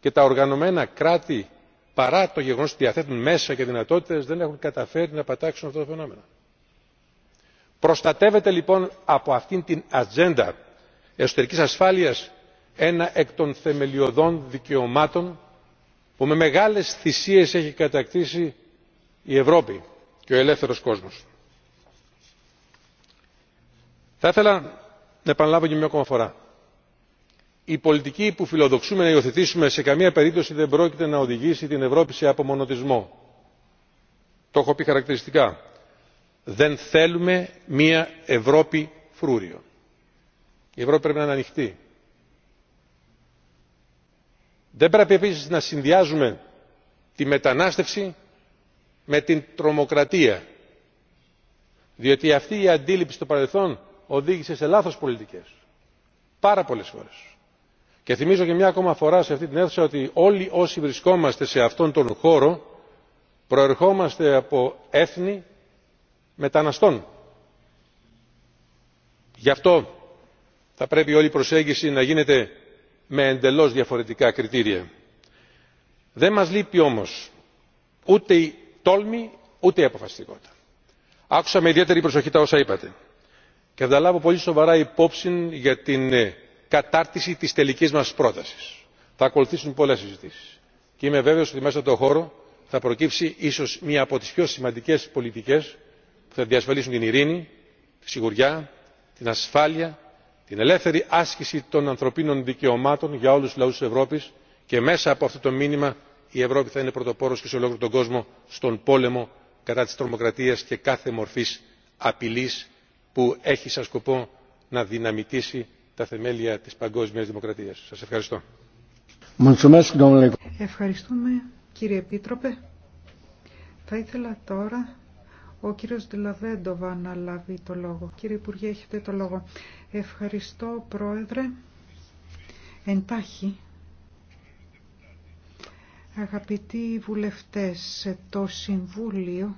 και τα οργανωμένα κράτη παρά το γεγονός ότι διαθέτουν μέσα και δυνατότητες δεν έχουν καταφέρει να πατάξουν αυτό το φαινόμενο. προστατεύεται λοιπόν από αυτήν την ατζέντα εσωτερικής ασφάλειας ένα εκ των θεμελιωδών δικαιωμάτων που με μεγάλες θυσίες έχει κατακτήσει η ευρώπη και ο ελεύθερος κόσμος. θα ήθελα να επαναλάβω για μια ακόμα φορά η πολιτική που φιλοδοξούμε να υιοθετήσουμε σε καμία περίπτωση δεν πρόκειται να οδηγήσει την ευρώπη σε απομονωτισμό. το έχω πει χαρακτηριστικά δεν θέλουμε μια ευρώπη φρούριο. η ευρώπη πρέπει να είναι ανοιχτή. δεν πρέπει επίσης να συνδυάζουμε τη μετανάστευση με την τρομοκρατία διότι αυτή η αντίληψη στο παρελθόν οδήγησε σε λάθος πολιτικές πάρα πολλές φορές και θυμίζω και μια ακόμα φορά σε αυτή την αίθουσα ότι όλοι όσοι βρισκόμαστε σε αυτόν τον χώρο προερχόμαστε από έθνη μεταναστών. γι' αυτό θα πρέπει όλη η προσέγγιση να γίνεται με εντελώς διαφορετικά κριτήρια. δεν μας λείπει όμως ούτε η τόλμη ούτε η αποφασιστικότητα. άκουσα με ιδιαίτερη προσοχή τα όσα είπατε και θα τα λάβω πολύ σοβαρά υπόψη για την ε, κατάρτιση της τελικής μας πρότασης. θα ακολουθήσουν πολλές συζητήσεις και είμαι βέβαιος ότι μέσα από τον χώρο θα προκύψει ίσως μία από τις πιο σημαντικές πολιτικές που θα διασφαλίσουν την ειρήνη τη σιγουριά την ασφάλεια την ελεύθερη άσκηση των ανθρωπίνων δικαιωμάτων για όλους τους λαούς της ευρώπης και μέσα από αυτό το μήνυμα η ευρώπη θα είναι πρωτοπόρος και σε ολόκληρο τον κόσμο στον πόλεμο κατά της τρομοκρατίας και κάθε μορφής απειλής που έχει σαν σκοπό να δυναμητήσει τα θεμέλια της παγκόσμιας δημοκρατίας. Σας ευχαριστώ. Ευχαριστούμε κύριε Επίτροπε. Θα ήθελα τώρα ο κύριος Δηλαβέντοβα να λάβει το λόγο. Κύριε Υπουργέ, έχετε το λόγο. Ευχαριστώ, Πρόεδρε. Εντάχει, αγαπητοί βουλευτές, το Συμβούλιο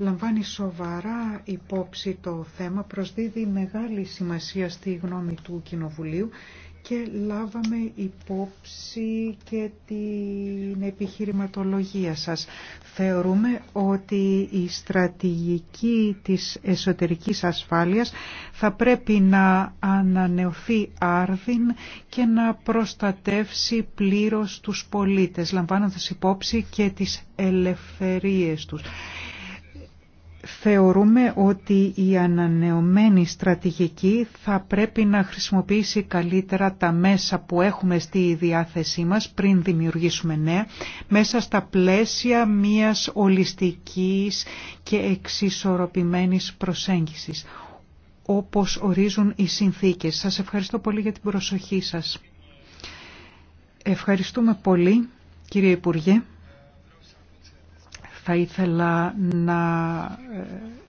λαμβάνει σοβαρά υπόψη το θέμα, προσδίδει μεγάλη σημασία στη γνώμη του Κοινοβουλίου και λάβαμε υπόψη και την επιχειρηματολογία σας. Θεωρούμε ότι η στρατηγική της εσωτερικής ασφάλειας θα πρέπει να ανανεωθεί άρδιν και να προστατεύσει πλήρως τους πολίτες, λαμβάνοντας υπόψη και τις ελευθερίες τους. Θεωρούμε ότι η ανανεωμένη στρατηγική θα πρέπει να χρησιμοποιήσει καλύτερα τα μέσα που έχουμε στη διάθεσή μας πριν δημιουργήσουμε νέα, μέσα στα πλαίσια μιας ολιστικής και εξισορροπημένης προσέγγισης, όπως ορίζουν οι συνθήκες. Σας ευχαριστώ πολύ για την προσοχή σας. Ευχαριστούμε πολύ, κύριε Υπουργέ. Θα ήθελα να ε,